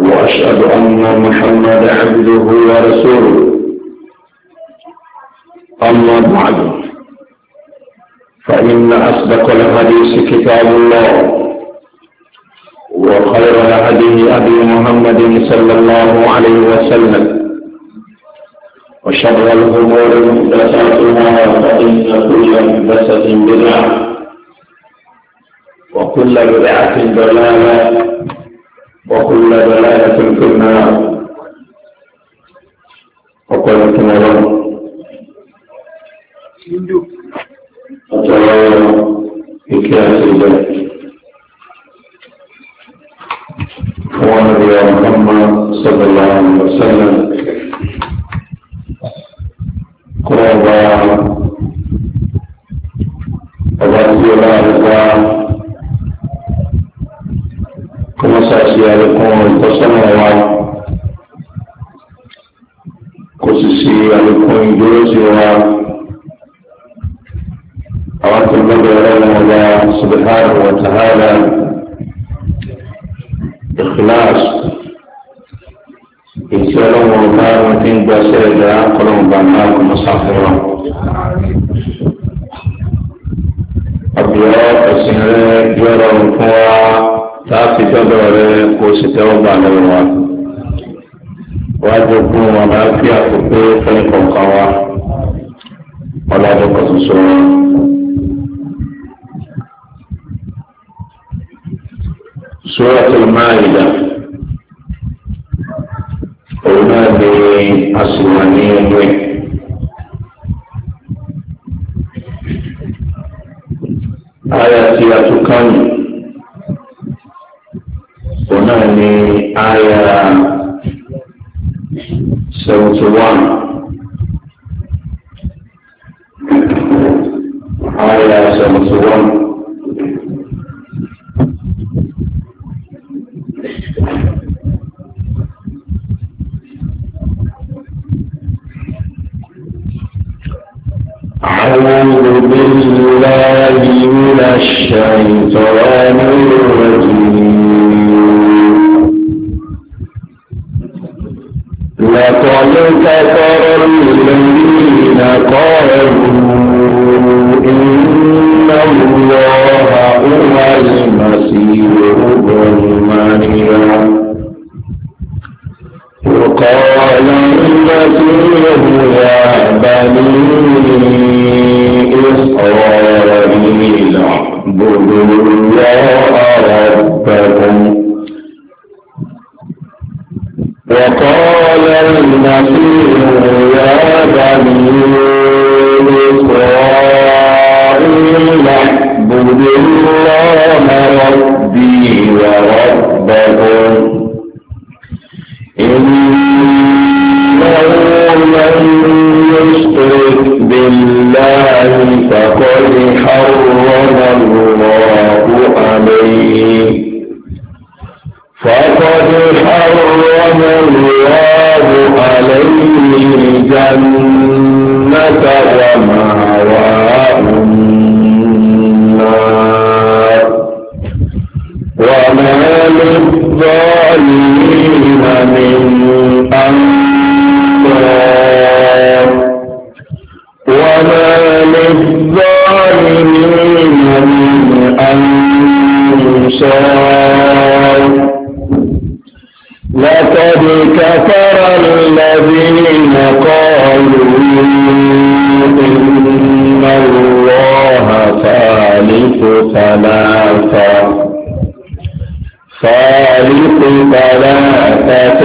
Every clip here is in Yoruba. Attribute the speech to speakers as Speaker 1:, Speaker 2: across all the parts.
Speaker 1: وأشهد أن محمد عبده
Speaker 2: ورسوله أما بعد فإن أصدق الحديث كتاب الله وخير الهدي أبي محمد صلى الله عليه وسلم وشر الأمور محدثاتها فإن كل محدثة بدعة وكل بدعة ضلالة وكل ضلالة في النار وكل ضلالة
Speaker 1: أترى بكاس الله ونبي محمد صلى الله عليه وسلم
Speaker 2: قرب وبارك الله
Speaker 1: ṣàṣe àlékún ìtọ́sọ́nà wa
Speaker 2: kò sì ṣe àlékún ìdúróṣe wa àwọn tó gbọ́dọ̀ ọlọ́run ọba subhanahu wa ta'ala ikhlas èyí ọlọ́run ọba wọn ti ń gbàṣẹ́ ẹ̀dá ọlọ́run bá náà kò mọ́ sáfẹ́ràn. ọ̀bí ọ̀sìn rẹ̀ yọ̀rọ̀ fún wa. láti dọ́dọ̀ rẹ kó o sì tẹ́wọ́ gbà lọ́wọ́ wa. wájú fún wọn máa fi àkókò fẹ́ẹ́ kọ̀ọ̀kan wa ọlọ́dún kan ṣoṣo wọn. Suratul Maida òun náà ni a ní ẹgbẹ́. Aya ti a tún kánú. náà ní àyà seventy one. ترى الذين قالوا إن الله ثالث ثلاثة ثالث ثلاثة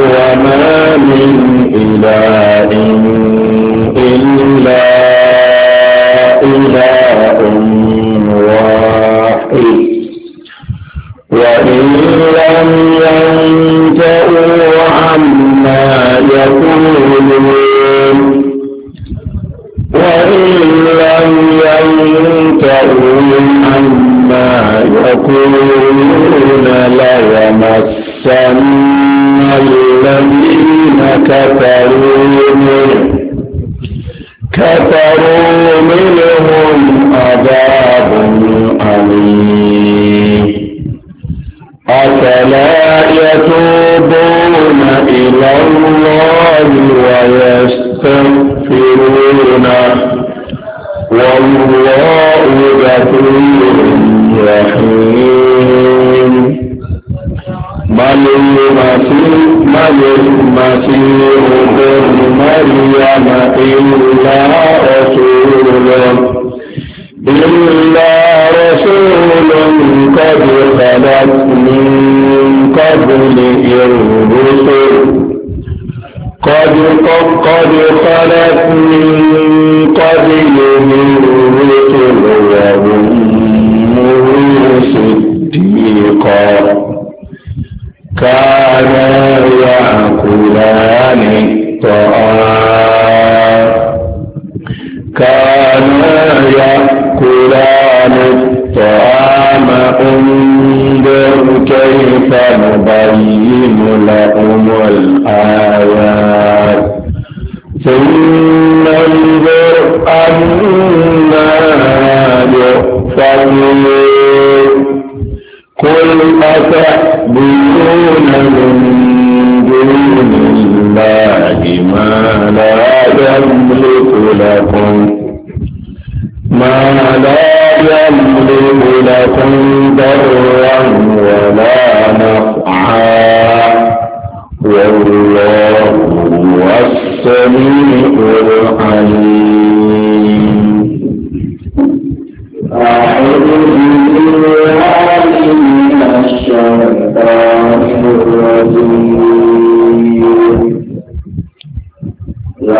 Speaker 2: وما من إله إلا يكون وإن لم ينتهوا عما يقولون ليمسن الذين كفروا لا يملك لكم ما لا يملك لكم ضرا ولا نفعا والله هو السميع العليم أعوذ بالله من الشيطان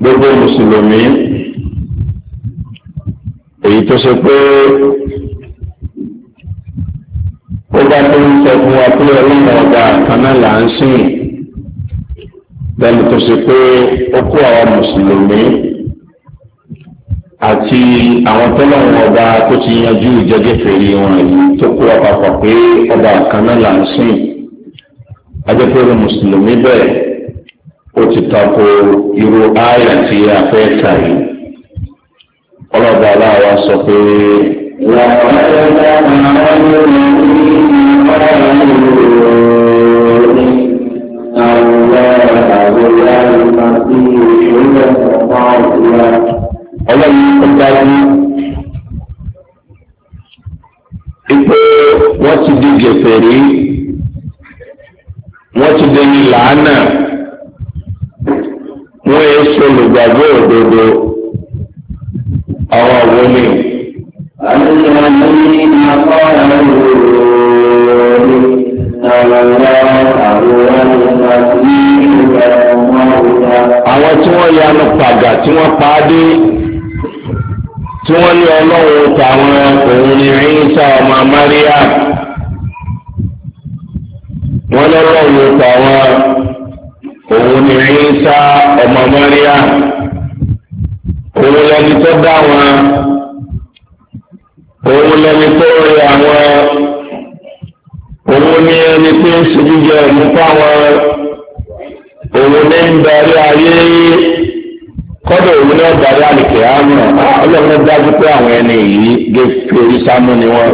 Speaker 2: gbogbo mùsùlùmí èyí tó ṣe pé ó bá tó ń sọ fún wa pé ọlọ́run ọba kaná là ń sìn lẹ́nu tó ṣe pé ó kó àwọn mùsùlùmí àti àwọn tọ́lọ́run ọba tó ti yanjú ìjẹ́gẹ́fẹ̀rí wọn yìí tó kó wa papọ̀ ọba kaná là ń sìn ajẹ́pẹ́rẹ́ mùsùlùmí bẹ́ẹ̀ ó ti tako irú àyà tí a fẹ́ kà yìí ọlọ́ba aláwa sọ pé. wàhálà ìgbà máa ń lò ní ìgbà máa ń lò ní àwùjọ àwùjọ àti ìṣòro ọ̀pá òkúra. ọlọ́run ó dájú ipò wọ́n ti di gẹ̀fẹ̀ rí wọ́n ti dẹni làánà. wọn yẹ ṣe olùgbàgbọ́ òdodo àwọn òwò mi. àwọn tí wọ́n yanu pàgà tí wọ́n pa á dé tí ní tàwọn òun ní ọmọ tàwọn. òun ni Ìsá ọmọ Mọ́ríà òun lẹni tó dá wọn òun lẹni tó rí àwọn òun ni ẹni tó ń ṣe jíjẹ ìlú fáwọn òun ní ń darí ayé
Speaker 1: kọ́dọ̀ òun náà darí àlùkè àmọ́ ọlọ́run dájú pé àwọn ẹni
Speaker 2: yìí gé fi sámú ni wọ́n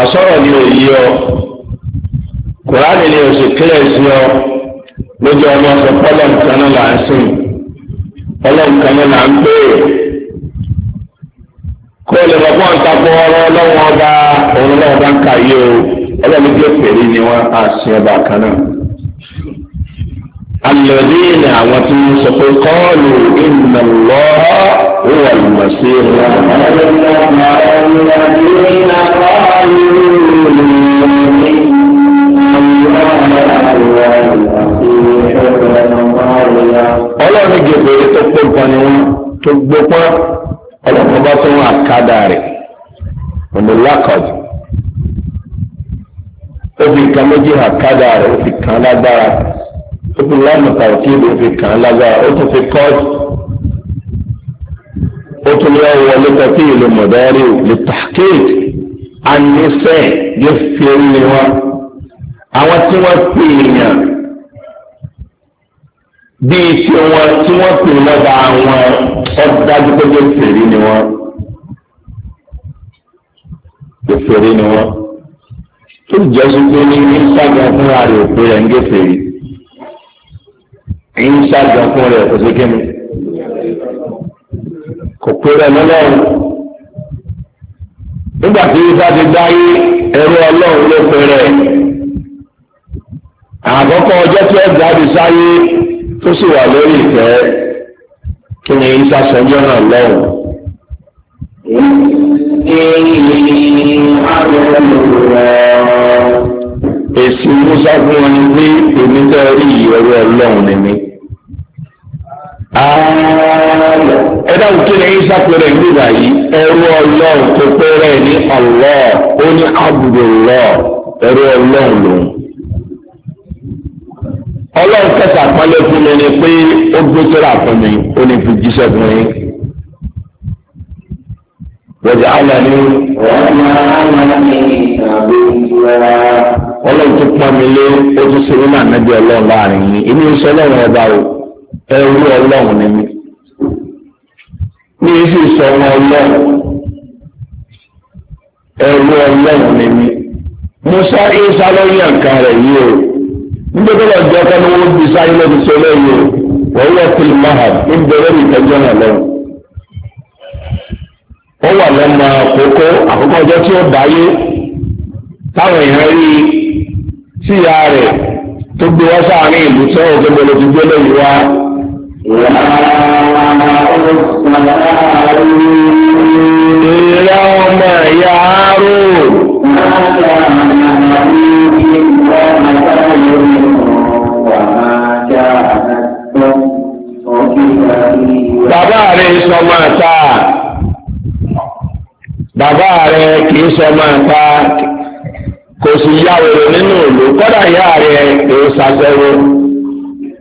Speaker 2: àsọ̀rọ̀ ni ò yí ọ kùránì ni ò sì kílẹ̀ sí ọ lójú ọmọ ọ̀sẹ̀ pọ́lọ́n kaná là ń sìn pọ́lọ́n kaná là ń béèrè kó o lè lọ fún àtakò ọ̀rọ̀ ọlọ́wọ́n ọba òun náà bá ń kà yí o ọlọ́run tí ó pèrè ni wọ́n á sin ọba kan náà. alẹ́ ní àwọn tí wọ́n sọ pé kọ́ọ̀lù ìnàlọ́ọ̀. هو المسيح الذين ọlọ́run gègèrè tó pé nǹkan ni wọ́n tó gbópọ́n ọlọ́run bá tún àkádà rẹ̀ ọ̀nà lákọ̀ọ́dù ó fi kan méjì àkádà rẹ̀ ó fi kan lágbára ó fi lánàá kàwé kí ló fi kan lágbára ó tún fi kọ́ọ̀tù قلت له هو لتطيل المداري للتحقيق عن نساء يفتر لواء أو توفينا بي سوى توفي لدى عوى صدق بيفتر لواء يفتر لواء كل جزوكي من إنسا جنفور عليه بيان جفتر إنسا جنفور عليه بيان جفتر kò péré lọ́lọ́run nígbà tí Isa ti dáyé ẹrú ọlọ́run ló péré àkọ́kọ́ ọjọ́ tí ó jáde sáyé tó sì wà lórí ìfẹ́ kí ni Isa sọjọ́ náà lọ́run. Èsì Musa fún wọn ní pé èmi ìyẹ̀wò ọlọ́run ni mi. ẹ̀dá òkèlè ìsá pẹ̀lú ẹ̀mí báyìí ẹ̀rú ọlọ́run tó pẹ̀lú ní ọ̀lọ́ ó ní ẹ̀rú fún mi ni pé ó gbé tọ́lá fún mi ó ní fi jíṣẹ́ fún mi. àná ni tó mi lé nínú láàrin yìí ẹrú ọlọ́run ni mí ní sì sọ ọmọ ọlọ́run ẹrú ọlọ́run ni mí musa isa rẹ̀ yìí o nítorí ọjọ́ ọkọ ní wọ́n bí sáyé lọ́bi sọ lẹ́yìn o wọ́n wọ́n fi máa ń bẹ̀rẹ̀ ìtẹ́jọ́ náà lọ́wọ́ ó wà lọ́mọ àkókò àkókò ọjọ́ tí ó dáyé táwọn èèyàn rí tíya rẹ̀ tó gbé wá sáárín ìlú tí wọ́n gbé lẹ́yìn wá. Ìrẹ́ ọmọ ìyá àárò. Bàbá rẹ̀ sọ máa ta. Bàbá rẹ̀ kìí sọ máa ta. Kò sì yá òrò nínú ìlú. Kọ́dà ìyá rẹ̀ kìí ṣàṣẹ́wó.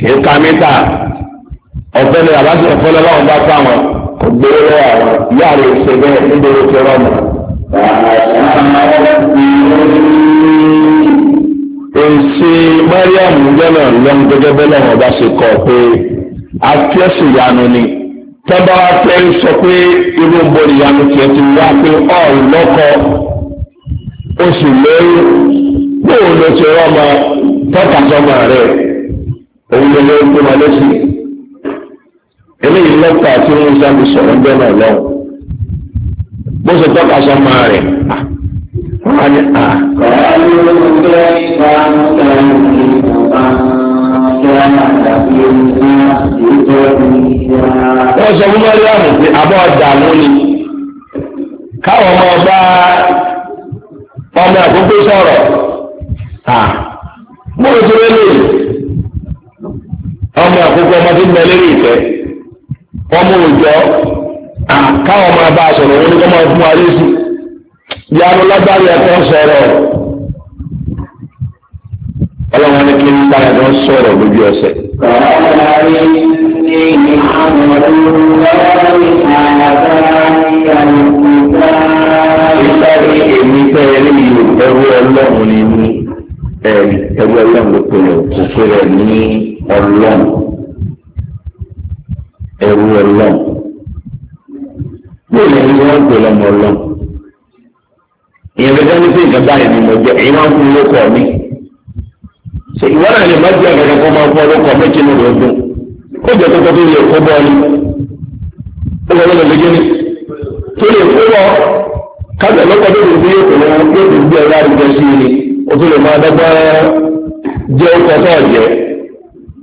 Speaker 2: kì í ka mítà ọ̀fẹ́ ni àbáṣe ọ̀fẹ́ lọ́wọ́ bá fún àwọn ògbéró lọ́wọ́ àwọn ìyá rẹ̀ ṣe bẹ́ẹ̀ nítorí ti rọ́ọ̀mù. Èsì Mariam Jọ́nà lọ́mú gẹ́gẹ́ bẹ́ẹ̀ lọ́wọ́ bá ṣe kọ̀ pé afẹ́sì ìyanu ni tọ́ba wa fẹ́ sọ pé irú bọ̀dì ìyanu tiẹ̀ ti wá pé ọ̀ọ́ lọ́kọ oṣù lóyún kóòlù ti rọ́ọ̀mù tọ́ka sọ́mọ rẹ̀ òun ló lóyún tó máa lọ́sí eléyìí lọ́pàá tí wọ́n ń sábì sọ̀rọ̀ ń bẹ́ẹ̀ náà lọ́wọ́ bó ṣe tọ́ka sọ máa rẹ̀ wọ́n á ní à. wọ́n sọ fún mọ́lẹ́wọ̀n pé àbọ̀ dààmú ni káwọn ọmọ ọba ọmọ àkókò sọ̀rọ̀ ọmọ àkókò ọmọ tó gbẹ lérí ìfẹ́ ọmọ òjọ káwọn máa bá a sọ̀rọ̀ wọn ni wọn máa fún wa lẹsí bí a lọ lágbára ẹkọ sọ̀rọ̀ Ọlọ́run ní kí n bára lọ sọ̀rọ̀ lójú ẹsẹ̀. Ìsáré èmi fẹ́ rí ìlú ẹrú Ọlọ́run ni ẹrú Ọlọ́run ló pè é kò pè é ní. ọlọ́n ẹrú ọlọ́n bóyá ẹni wọ́n pè lọ́mọ ọlọ́n ìyẹn bẹ́ẹ̀ ní sí ìjọba yìí ni mo jẹ èyí máa ń fún lóko mi ṣe ìwọ náà lè má jẹ àgbẹ̀dẹ kó máa fún ọlọ́kọ̀ méjì nínú ọdún kó jẹ kókó tó lè kó ọ ó lọ lọ́dọ̀ méjì ní tó lè kó tó lè i ni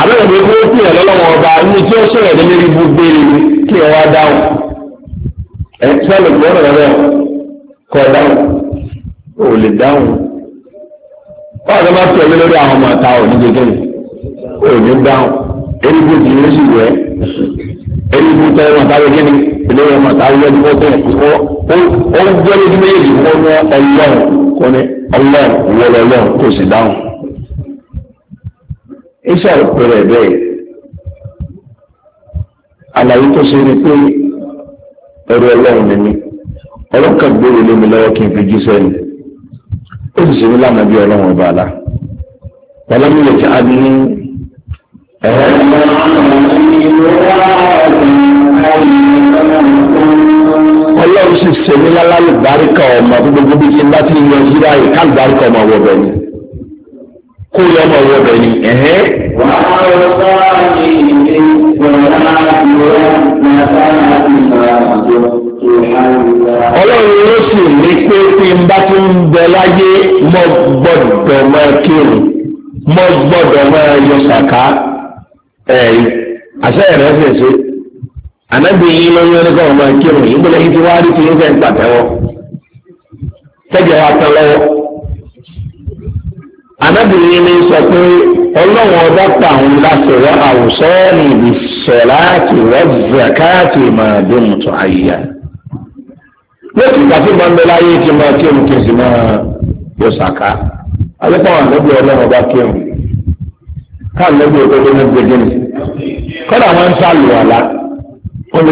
Speaker 2: àbẹ̀rẹ̀ mi kó sí ẹ̀ lọ́wọ́ ọba ní tí ó sọ̀rọ̀ ní lérí gbogbo èrè kí ẹ wá dáhùn ẹ sọ̀rọ̀ gbọ́dọ̀ rẹ̀ kọ́ dáhùn ò lè dáhùn báwo ló máa fi ẹ̀mí lórí àwọn ọmọ àtà òní gẹ́gẹ́ ò ní dáhùn erigbó ti ní oṣù rẹ̀ erigbó tẹ ọmọ àtà rẹ̀ gẹ́gẹ́ ìlérò ọmọ àtà rẹ̀ lọ́dún tẹ̀ ó ń gbọ́ lójú méjèèjì fún ọmọ ọlọ́run kọ́ni ọlọ́run wọlé ọlọ́run kò sì dáhùn iṣẹ́ àpẹẹrẹ bẹ́ẹ̀ àlàyé tó ṣe ni pé ẹ̀rọ ọlọ́run ni mí ọlọ́kàn gbèrò lé mi lọ́wọ́ kí n fi jíṣẹ́ ni ó sì ṣe mí lánàá bí ọlọ́run ọba àlá wàlámù lè jẹ́ adé ní ẹ̀rọ ọlọ́run sì ṣe mí lálálùbáríkà ọmọ gbogbo bí ṣe bá ti yọ síra yìí kálùbáríkà ọmọ wọ̀ bẹ́ẹ̀ kó yọ ọmọ wọ bẹ̀ ni. ọlọ́run ló sì ní pé tí n bá ti ń bẹ láyé mo gbọ́dọ̀ máa kírun mo gbọ́dọ̀ máa yọ sàká ẹ̀yìn àṣẹ rẹ̀ fèsì ànábì yìí ló ń yọ nípa ọmọ kírun yìí gbọ́dọ̀ yìí ti rí ti ń fẹ́ gbàtẹ́wọ́ tẹ́jọ́ wa tán lọ́wọ́. anábìrin mi sọ pé ọlọ́run ọba pa àwọn láti rọ àwùsọ níbi sọ̀láàtì rọ zakáàtì máa tó àyíyá. lókè ìgbàfẹ́ gbọ́ndọ́ láyé ti máa kí òun kìí sì máa yọ sàká. àgbẹ̀bí ọba kí ní gbẹ̀gẹ́ ni. kọ́dà wọ́n ń wọ́n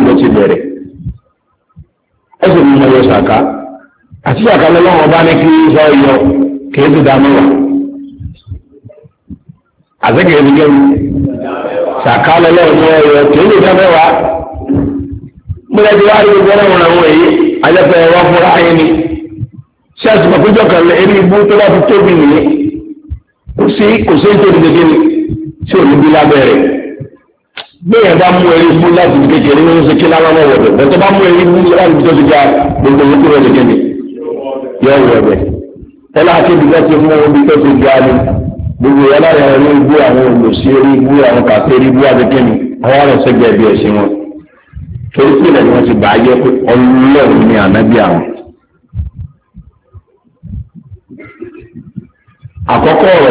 Speaker 2: ń kí ti àti àkàlẹ́ lọ́wọ́ bá ní kí sọ yọ kì í ti dá mẹ́wàá àtẹ́kẹ̀ẹ́ ti kẹ́wù sàkàlẹ́ lọ́wọ́ ní ọ̀yọ́ kì í ti dá mẹ́wàá mọ̀lẹ́bí wa rí gbọ́dọ̀ wọn àwọn èyí ayẹ́pẹ́ wa fúnra yín ni ṣáàtì pàkójọ kan lẹ ẹni ibú tó bá fi tóbi nìyẹn kò sí kò sí nítorí kékeré tí ò ní bí lábẹ́rẹ́ gbẹ̀yẹ̀ bá mú ẹni ibú láti kékeré ní oṣù kí láwọn ọ̀wọ̀dọ̀ bẹ́ẹ̀ tó bá mú ẹni ibú láti tó gbogbo ìlú kúrò ní kékeré. yọ wọ ọbẹ tọ́lá akébi náà ti mú omi tó ti ga ni gbogbo yàrá yàrá ló ń gbé àwọn olùsí orí gbé àwọn kàfé rí gbé abẹ́kẹ́ni àwọn àrẹ̀sẹ̀ gẹ̀ẹ́bí ẹ̀sìn wọn torí pé ìlànà wọn ti bàá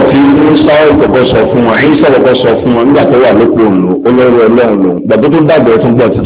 Speaker 2: tí musa sọ fún sọ fún nígbà tó wà lóko olórí gbàgbé tó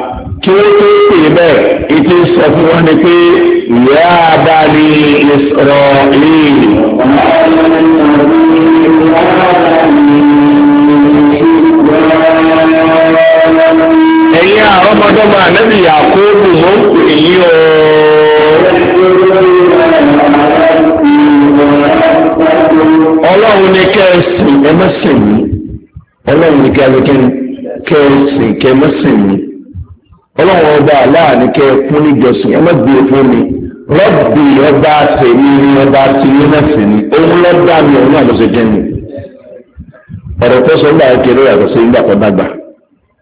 Speaker 2: kí wọ́n tó pè bẹ́ẹ̀ ètò sọ fún wọn ni pé ìyá abáni ìsọ̀rọ̀ yìí. ẹ̀yin àwọn ọmọdọ́mọ ànábì Yakubu mò ń pè yí o. ọlọ́run ní kẹ́ẹ̀sì ẹ má sìn mí ọlọ́run ní kẹ́ẹ̀sì kẹ́ẹ̀sì kẹ́ẹ̀ má sìn mí. ọlọ́run ọba aláàánú kẹ́ ẹ fún níjọsìn ẹ fún mi rọ́bì ọba tèmi ni ọba tèmi náà òun mi òun náà jẹ́ mi ọ̀rọ̀ tó sọ kéré yàtọ̀ sí tó dàgbà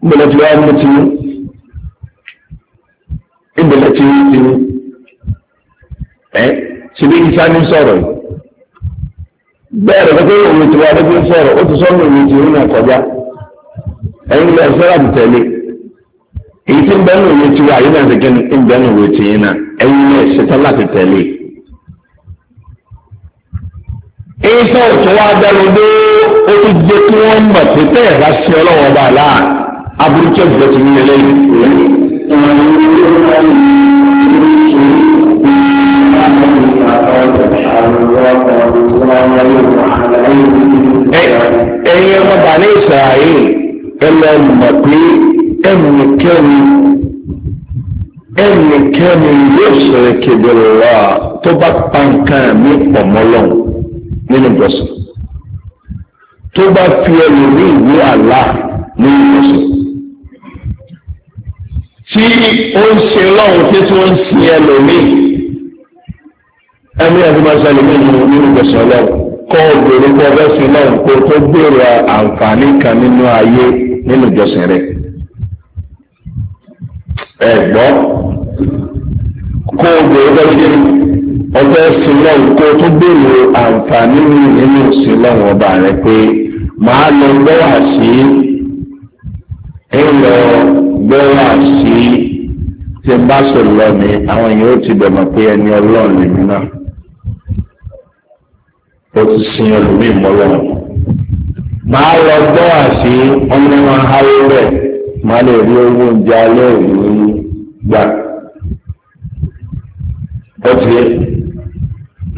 Speaker 2: tí mú tìmú tí tìmú ìfá ní sọ̀rọ̀ ti wá sọ̀rọ̀ ó ti sọ́nù òun ti rí èyí tí ń bẹ́ẹ̀ nù wọ́n ti wá yìí náà ti kẹ́ni ń bẹ́ẹ̀ nù wọ́n ti yín náà ẹ̀yin náà ṣetán láti tẹ̀lé. èyí tó tún wá dẹ́rù dé ó ti jẹ́ kí wọ́n mọ̀ pé tẹ́ ẹ̀ bá ṣe ọlọ́wọ́ bá a láà aburú tó jẹ́ ti yín lẹ́yìn. ẹ̀yin ọmọ bàálẹ̀ ìsàlẹ̀ ẹ̀ lọ́ọ́ mọ̀ pé ẹnìkẹ́ni ẹnìkẹ́ni yóò sọ̀rọ̀ kedere wa tó bá pa nǹkan mi pọ̀ mọ́lọ́ nínú ìjọsìn tó bá fi ẹlòmíì ní àlá nínú ìjọsìn tí ó ń ṣe lọ́hùn tí tí wọ́n ń sin ẹlòmíì ẹni ẹni máa ń ṣẹlẹ̀ nínú nínú ìjọsìn ọlọ́run kọ́ obìnrin kọ́ ọbẹ̀ sí lọ́hùn kó tó gbèrò àǹfààní kan nínú ayé nínú ìjọsìn rẹ̀. ẹ gbọ́ kó o gbèrò e lọ́jọ́ ọjọ́ ẹ̀sìn kó o tún gbèrò àǹfààní nínú ọba rẹ pé màá lọ gbọ́wà sí gbọ́wà sí tí n bá lo lọ ni àwọn èèyàn ó ti bẹ̀rẹ̀ pé ẹni ọlọ́run lèmi náà ó ti sin ẹlòmíì mọ́lọ́run máa lọ gbọ́ àti ọmọ máa háwó rẹ̀ lè rí owó oúnjẹ alẹ́ ké o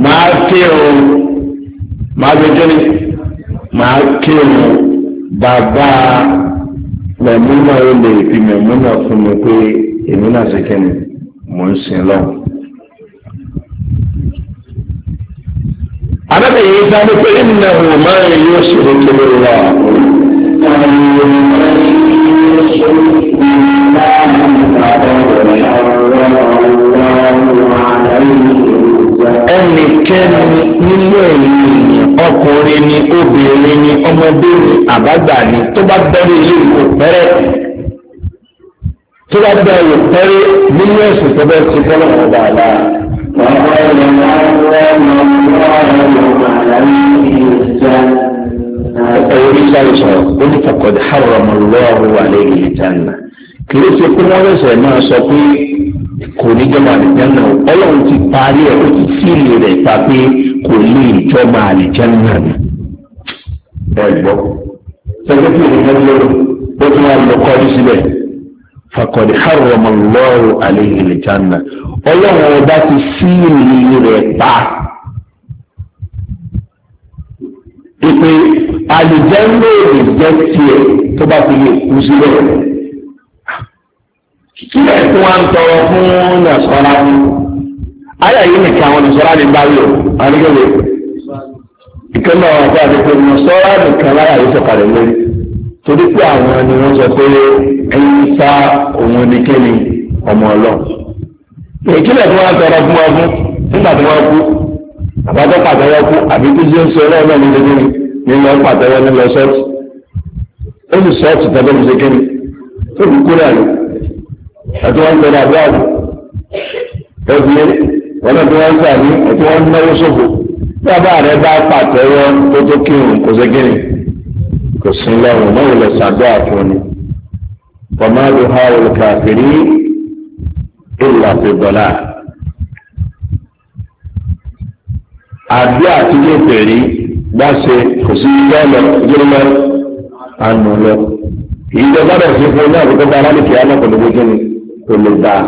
Speaker 2: máa kírun
Speaker 1: máa gbé kíni
Speaker 2: máa kírun bàbá mẹ̀múnà ó lè fi mẹ̀múnà fún mi pé èmi náà ṣe kíni mò ń sin lọ́wọ́. Adábẹ̀yẹ sáré pé ìnáwó máa ń yóò ṣòro kiri lọ ẹnikẹ́ni nínú ẹ̀yìn ọkùnrin ni obìnrin ni ọmọdé ni àbágbà ni tó bá bẹ̀rẹ̀ ilé ìwò pẹ́rẹ́ tó bá bẹ̀rẹ̀ ìwò pẹ́rẹ́ nínú ẹ̀sùn tó bẹ́ẹ̀ ti fọ́lọ́ wọn dáadáa. Wàhálà ìyàwó àwọn ọmọ ọmọ ọmọ ọmọ ọmọ ọmọ ọmọ ọmọ ẹ̀rọ ní sáré sọ̀rọ̀ ó ní kàkọ́dé hàrọ̀mọ̀ lọ́wọ́ wà lẹ́yìn ìjànà kì í ṣe pé wọ́n lẹ́sẹ̀ máa sọ pé kò ní jọba àlìjánà ọlọ́run ti parí ẹ̀ ó ti fíìlì rẹ̀ pa pé kò ní ìjọba àlìjánà ni. ẹ gbọ́ sẹ́kẹ́tì ìdíjọ́ ló tún wà lọ kọ́rí síbẹ̀ fàkọ̀dé hàrọ̀mọ̀ lọ́wọ́ àlẹ́yìn ọlọ́run ọba ti fíìlì rẹ̀ pa. ìpè àlùjẹ́ lóòrè jẹ́ tiẹ̀ tó bá fi lè kú sílẹ̀. kílẹ̀ tí wọ́n ń tọrọ fún nàṣọ́ra ni ayà yìí nìkan àwọn nàṣọ́ra ni báyìí o àríkèlè ìkẹ́lẹ̀ ọ̀rọ̀ àti àdìpọ̀ nàṣọ́ra nìkan láyà yìí sọ̀kalẹ̀ lórí torí pé àwọn ni wọ́n sọ pé ẹyin sá òun ni ọmọ ọlọ́run. ìkílẹ̀ tí wọ́n ń tọrọ fún wa fún nígbà tí wọ́n kú àbájọ pàtẹ́wọ́ kú àbí tó ṣe ń ṣe ọlọ́run náà nílé ní lọ pàtẹ́wọ́ ní lọ ṣọ́ọ̀tì ó sì ṣọ́ọ̀tì tẹ́lẹ̀ ní ṣẹ́kẹ́ni tó fi kú náà ní ẹtí wọ́n ń tẹ̀lé àbí àbò ẹbí wọn náà tí wọ́n ń sàbí ẹtí wọ́n náwó ṣòfò tí a bá rẹ bá pàtẹ́wọ́ tó tó kírun kò ṣẹ́kẹ́ni kò sí lọ́rùn náà wò lọ sàdúrà fún ni fọmáàlú ha olùkàfẹ́rí ìlà fi dọ̀là. àbí àti ilé ìfẹ̀rí bá ṣe kò sí yọ́lọ yọ́lọ ànú lọ. ìjọba bẹ̀rẹ̀ sí fún ní àkókò bá aláìkè alákòlówó jẹ́ ni kò lè bá a.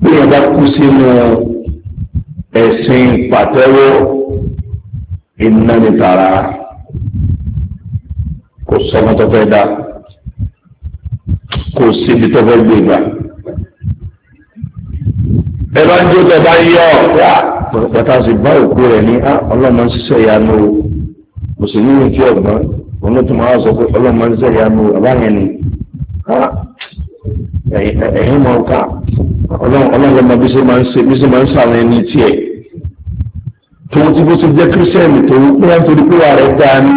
Speaker 2: bí yẹn bá kú sínú ẹ̀sìn pàtẹ́wọ́ iná ní tààrà kò sọmọ tó fẹ́ dá kò síbi tó fẹ́ gbé gbà. ẹ bá ń jó tẹ bá ń yọ ọ̀gá. pàtàkì sì bá òkú rẹ̀ ní ah, ọlọ́mọ ṣiṣẹ́ ìyanu mùsùlùmí ní fi ọ̀gbọ́n òun máa sọ pé ọlọ́mọ ṣiṣẹ́ ìyanu àbáyẹn ni ah, ẹ̀yìn máa ká ọlọ́mọ bí ṣe máa ń ṣe bí ń ti bó ṣe jẹ́ pé wà rẹ̀ ní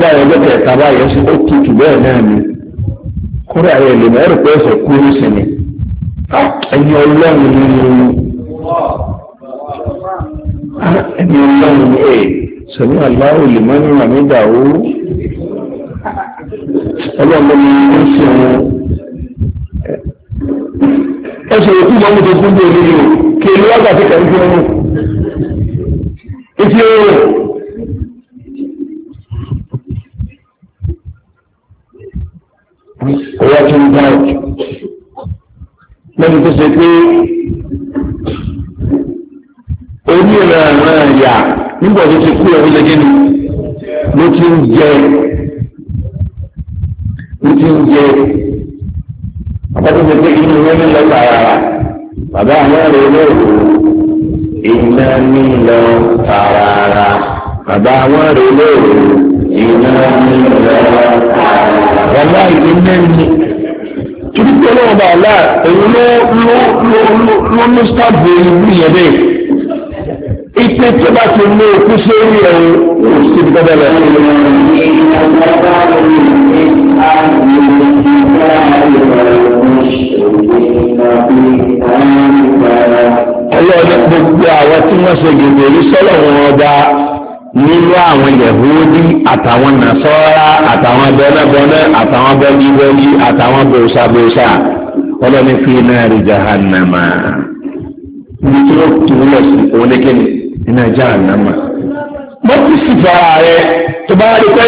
Speaker 2: báyọ̀ báyọ̀ ṣe ó tutù bẹ́ẹ̀ náà ni àyẹ̀lẹ̀ ẹ̀fẹ̀ kú ní sinmi ah, ẹni ọlọ́run ẹ̀ sọ̀rọ̀ aláwọ̀ lè máa ń rà mí dà ó ọlọ́run ni ó sì ń ẹ sọ̀rọ̀ kí lọ́mú tó kún bí omi yìí kí ìlú ọgbà tí kàn ń fi ọrùn Ọwọ́ tí ń bá ọ lẹ́nu tó ṣe pé oníranran yà nígbà tó ti kú ẹ̀rọ lẹ́gẹ́ ni ló ti ń jẹ ló ti ń jẹ àbátẹ́sẹ̀ pé inú wọn ní lọ tààrà bàbá àwọn ọ̀rẹ́ olóòrò iná ní lọ tààrà bàbá àwọn ọ̀rẹ́ olóòrò iná ní lọ tààrà. bàbá ìdí mẹ́rin kí ni pẹ̀lú ọba àlá èyí ló ló ló ló ló sábò ìlú yẹn bẹ́ẹ̀ ipe tí o bá ti mú okú sórí ẹ̀ o sí ibi tọ́jà lọ. ọlọ́run gbogbo àwọn tí wọ́n ṣe gègé rí sọ́lọ̀ wọn ọba nínú àwọn yẹ̀húdí àtàwọn nàṣọ́ra àtàwọn bọ́nẹ́bọ́nẹ́ àtàwọn bọ́gíbọ́gí àtàwọn bòṣàbòṣà ọlọ́run fi náà rí jahannama. Ibi tí wọ́n lọ sí òun ní kíni iná jahannama. mọ́tì sì fara rẹ̀ tó bá rí pé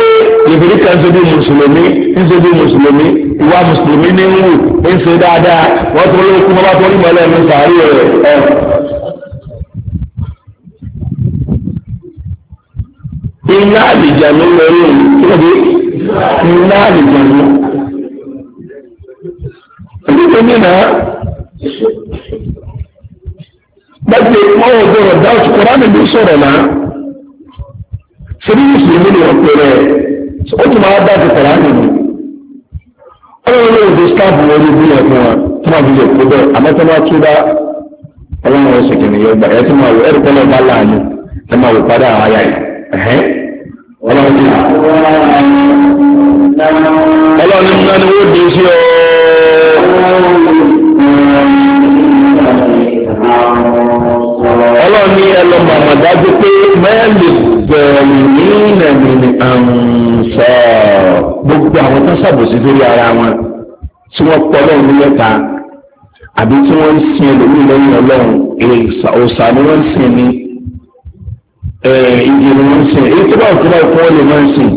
Speaker 2: ìbírí kan ṣe bí mùsùlùmí ń ṣe bí mùsùlùmí ìwà mùsùlùmí ní ń wù ń ṣe dáadáa wọ́n tó lókun wọ́n bá tó rí mọ́lẹ́ ní sàárì rẹ̀ ẹ̀. iná àlìjànú lórí ìlú iná àlìjànú. Ìdíje mi náà gbẹ́gbẹ́ wọn ò gbọ́dọ̀ dá oṣù kọ́ránì ló sọ̀rọ̀ náà ṣebí mùsùlùmí ni wọ́n pè rẹ̀ ó tún máa dá ti kọ́ránì ni ọlọ́run ló dé sáàbù wọn ní ìbílẹ̀ fún wa tí wọ́n fi lè kó bẹ́ẹ̀ àmọ́ tí tún dá ọlọ́run ọ̀sẹ̀ kìnìyàn gbà ẹ̀ tí wọ́n wọ ẹ̀rí pẹ́lẹ́ bá láàánú ẹ̀ máa wò padà àwọn ayá ọlọ́run ní ọlọ́run ní ọlọ́run ní ẹ lọ mọ̀mọ́ dájú pé mẹ́ẹ̀lì bẹ̀rù ní nàìjíríà àǹsọ̀ gbogbo àwọn tó ṣàbòsí lórí ara wọn tí wọ́n pọ̀ lọ́run ní mẹ́ta àbí tí wọ́n ń sin ẹlòmíì lẹ́yìn ọlọ́run òòṣà ni wọ́n ń sin ní ìdí ni wọ́n ń sin èyí tó bá òkú náà kún lè máa ń sin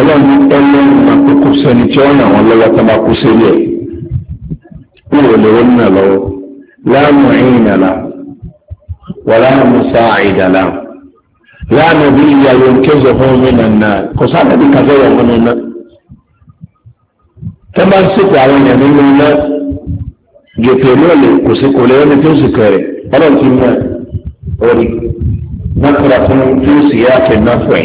Speaker 2: ọlọ́run ní ẹlẹ́rìn àkókò sẹ́ni tí wọ́n yàn lọ́wọ́ tó bá kú sílẹ̀ wọ́n lè wọ́n náà lọ́wọ́ láàmú ẹ̀yìn nàlá wàlá musa àìdàlá láàánú bí ìyàwó kézo fún mi nàná kò sáà bí kàfẹ́ yà wọn nínú. tẹ́ bá ń sèkò àwọn èèyàn nínú iná gèpè lóòlè kò sí kò lè ẹni tó sì kẹrẹ ọlọ́run ti mú orí nàkúrà fún yóò sì yá kẹ nàfẹ́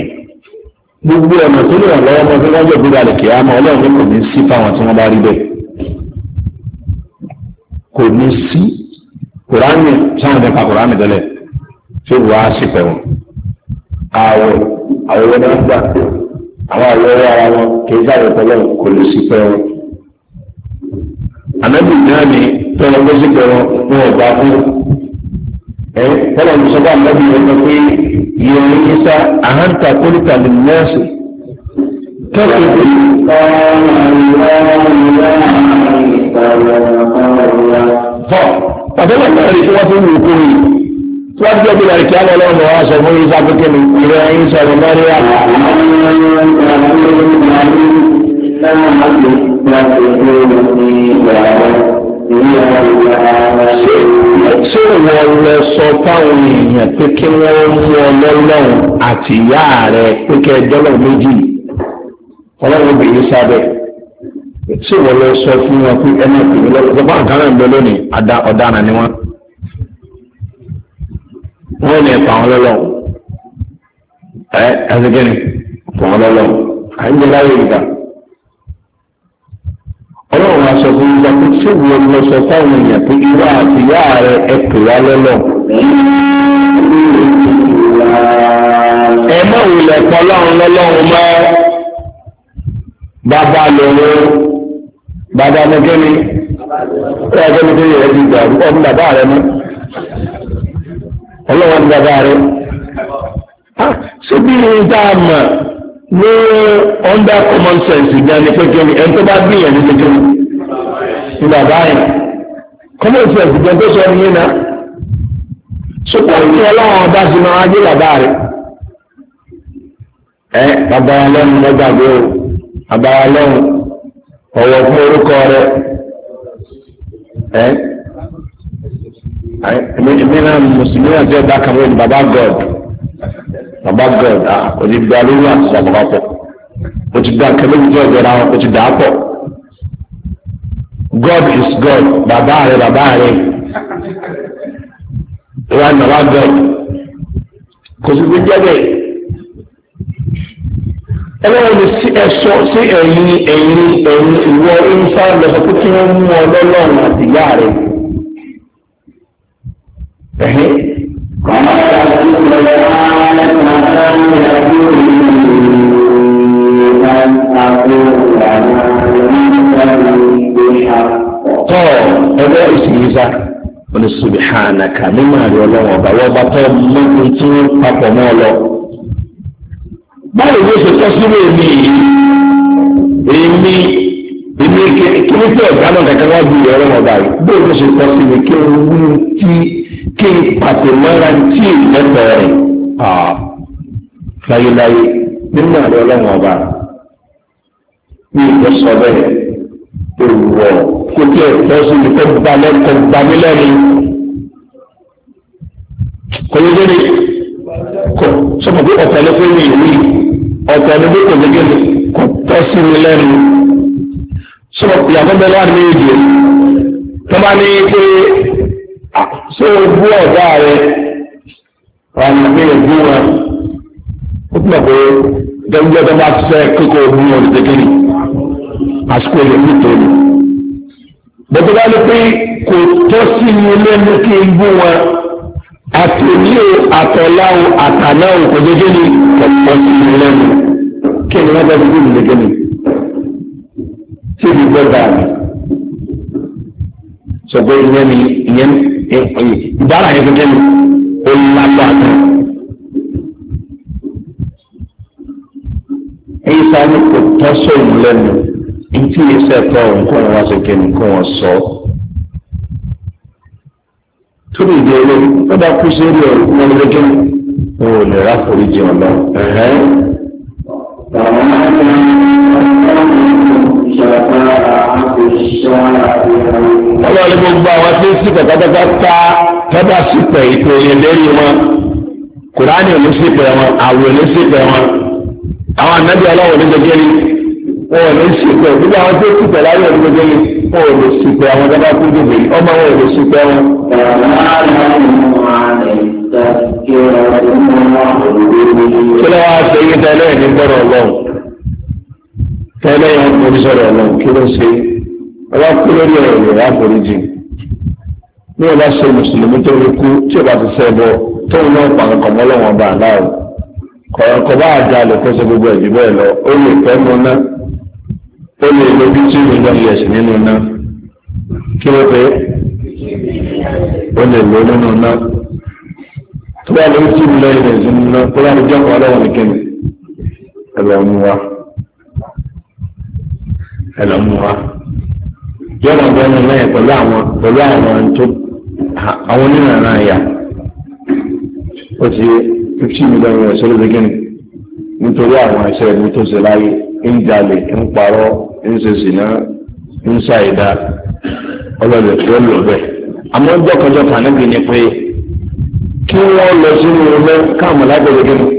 Speaker 2: gbogbo ọ̀nà tó lè wà lọ́wọ́ ọmọ tó lọ́jọ́ gbúdọ̀ àlèkè àmọ́ ọlọ́run kò ní sí fáwọn tí wọ́n bá rí bẹ́ẹ̀ kò ní sí kùránì sáwọn ìdẹ́pà tí ó wàá ṣìpẹ̀ wọn. ààwẹ̀ àwọn ọmọ náà gbà àwọn àwọn ọwọ́ ara wọn kì í sáré pẹ̀lú kò lè ṣìpẹ̀ wọn. ànábì náà ni tọ́lọ́ tó ṣìpẹ̀ wọn wọn ò bá fún ẹ tọ́lọ́ tó sọ fún ànábì yẹn lọ pé yẹn ní sísá àhántà kólítà lè nọ́ọ̀sì. tọ́lọ́ tó tọ́ àbẹ́lẹ̀ náà rí i tí wọ́n fi ń wò ó kórè wọ́n ti gbẹ́gbẹ́ rẹ̀ kí á lọ́wọ́ lọ́wọ́ wọn sọ fún yíṣà pé kíni ìrẹ́ ẹ̀yìn sọ̀rọ̀ mẹ́rìá. ṣé wọ́n lọ sọ fáwọn èèyàn pé kí wọ́n mú ọ lọ́lọ́run àti ìyá rẹ̀ pé kẹ́ ẹ dọ́lọ̀ méjì ọlọ́run bèèrè sábẹ́ ṣé wọ́n lọ sọ fún wọn pé ẹ má pè é lọ́wọ́ ń bẹ lónìí ọ̀daràn ni wọ́n. wọ́n lè pa wọn lọ́lọ́ ẹ ẹsẹ̀kẹ́ni pa wọn lọ́lọ́ ẹ ẹ ẹ ti gbà bàbá rẹ ọlọ́wọ́n ti bàbá rẹ̀ síbi tá a mọ̀ ní under common sense gan ni pé kí ni ẹni tó bá gbìyànjú pé kí ni ní bàbá yẹn common sense gan tó sọ nìyẹn náà ṣùgbọ́n ní ọlọ́wọ́n ọba sí máa gbé bàbá rẹ̀ ẹ bàbá wa lọ́gbàgbé o bàbá wa lẹ́nu ọ̀wọ̀ fún orúkọ rẹ̀ èmi náà mùsùlùmí àti ọ̀dà kàwé ní baba god baba god ah òdìgbà lórí àti bàbá pọ̀ o ti dà kẹlẹ́bí tí ọ̀dọ̀ o ti dà á god is god bàbá rẹ bàbá rẹ ìwà nàbà god kò sí gbé jẹ́ bẹ́ẹ̀ ẹlẹ́wọ̀n ni sí ẹ̀sọ́ sí ẹ̀yìn ẹ̀yìn ẹ̀yìn ìwọ ìfá lọ́sọ̀ pé wọ́n mú ọ lọ́lọ́run àti ìyá rẹ̀ tọ́ ẹgbẹ́ ìsìnyíṣà oníṣubìhánàkà mímọ àrẹ ọlọ́wọ́n ọba wọ́n bá tọ́ mọ́tò tí ó papọ̀ mọ́ ọ lọ. báyìí ló ṣe tọ́ sínú èmi yìí èmi èmi kí ní tẹ̀ ọ̀gá náà kankan wá ju ìyẹn ọlọ́wọ́n ọba yìí bóyá ló ṣe tọ́ sí mi kí ó wú tí kí n pàtẹ mọ́ra tí ìlẹ́tọ̀ rẹ̀ láyéláyé nínú àlọ́ ọlọ́run ọba ní ìjọsọ bẹ́ẹ̀ èèwọ̀ kó tí ẹ̀ tọ́ sí ibi tó gba lẹ́kọ̀ọ́ gba mí lẹ́nu kò yẹ kéde kò mi ìwé ọ̀tọ̀ ló fẹ́ kò yẹ mi lẹ́nu sọmọ ìyàgbọ́n bẹ́ẹ̀ lọ́wọ́ ní pé ṣé o bú ọ̀gá rẹ ọ̀nà mi ò bú wọn ó fi hàn pé dẹ́gbẹ́ tó bá fẹ́ kíkọ́ omi ọ̀dẹ̀ kiri àsìkò èlé mi tó ni. bẹ́ẹ̀ bá lè pé kò tọ́ sí mi lẹ́nu kí n bú wọn àtẹ̀lé àtọ̀láwò àtàláwò kò dé kiri kò tọ́ sí mi lẹ́nu kí ni wọ́n bá fi bí mi dé kiri ṣé gbọ́dọ̀ àná sọ pé ìyẹn ni ìyẹn ìbára yẹn tó kẹ́lu ó lágbá tó. èyí sáà ní kò tọ́ sóun lẹ́nu ntí yìí sẹ́ tọ́ nǹkan wá sí kẹ́ni kó wọ́n sọ. tóbi ìdí ẹlẹ́ ó bá kú sórí ọ̀rọ̀ kó wọ́n lé kí wọ́n lè ráforíjì ọ̀nà ọlọ́run gbogbo àwọn tí ń sì pẹ̀tẹ́pẹ́tẹ́ ta tọ́ba sí pẹ̀ ìpè ìlérí wọn kùránì ò ní sí pẹ̀ wọn àwò ò ní sí pẹ̀ wọn àwọn ànábì ọlọ́run ní gbẹgbẹ́ ni wọn ò ní sí pẹ̀ gbogbo àwọn tí ń sì pẹ̀ láyé ò ní gbẹgbẹ́ ni wọn ò lè sí pẹ̀ àwọn tọ́ba kú gbogbo yìí ọmọ wọn ò lè sí pẹ̀ wọn. kí ló wá ṣe yín tẹ́lẹ̀ ní gbọ́dọ̀ ọlọ́run tẹ́lẹ̀ yẹn kò sọ̀rọ̀ ọ̀nà kí ló ṣe ọba kú lórí ọ̀rọ̀ rẹ̀ àforíjì ní ọba ṣe mùsùlùmí tó lè kú tí ọba ti sẹ́ bọ́ tóun náà pa nǹkan mọ́ lọ́wọ́n bá aláwọ̀ kọ̀ọ̀kan bá àdá lè kó ṣe gbogbo ẹ̀jú bẹ́ẹ̀ lọ ó lè fẹ́ mọ́ ná ó lè lo bí tí ìrìnà yẹ̀ sí nínú ná kí ló pé ó lè lo nínú ná tó bá lóyún tí ìrìnà yẹ̀ sí nínú ná kó láti jẹ́ ọ̀pọ̀ ọlọ́wọ́n nìkan ẹ̀rọ ọ̀mú ẹ lọ mú wa yọ̀nà bẹ́ẹ̀ lẹ́yìn pẹ̀lú àwọn pẹ̀lú àwọn tó àwọn onírànà àyà ó ti fifty million yẹn ṣe ló fi gíni nítorí àwọn ẹ̀ṣẹ̀ ẹ̀mí tó ṣe láyé ń jalè ń parọ́ ń ṣe ṣìnà ń ṣàìdá ọlọ́dẹ tó lò bẹ́ẹ̀. àmọ́ jọ́kọjọ́ kan níbi ni pé kí wọ́n lọ sínú ilé káàmù lábẹ́rẹ́ gíni.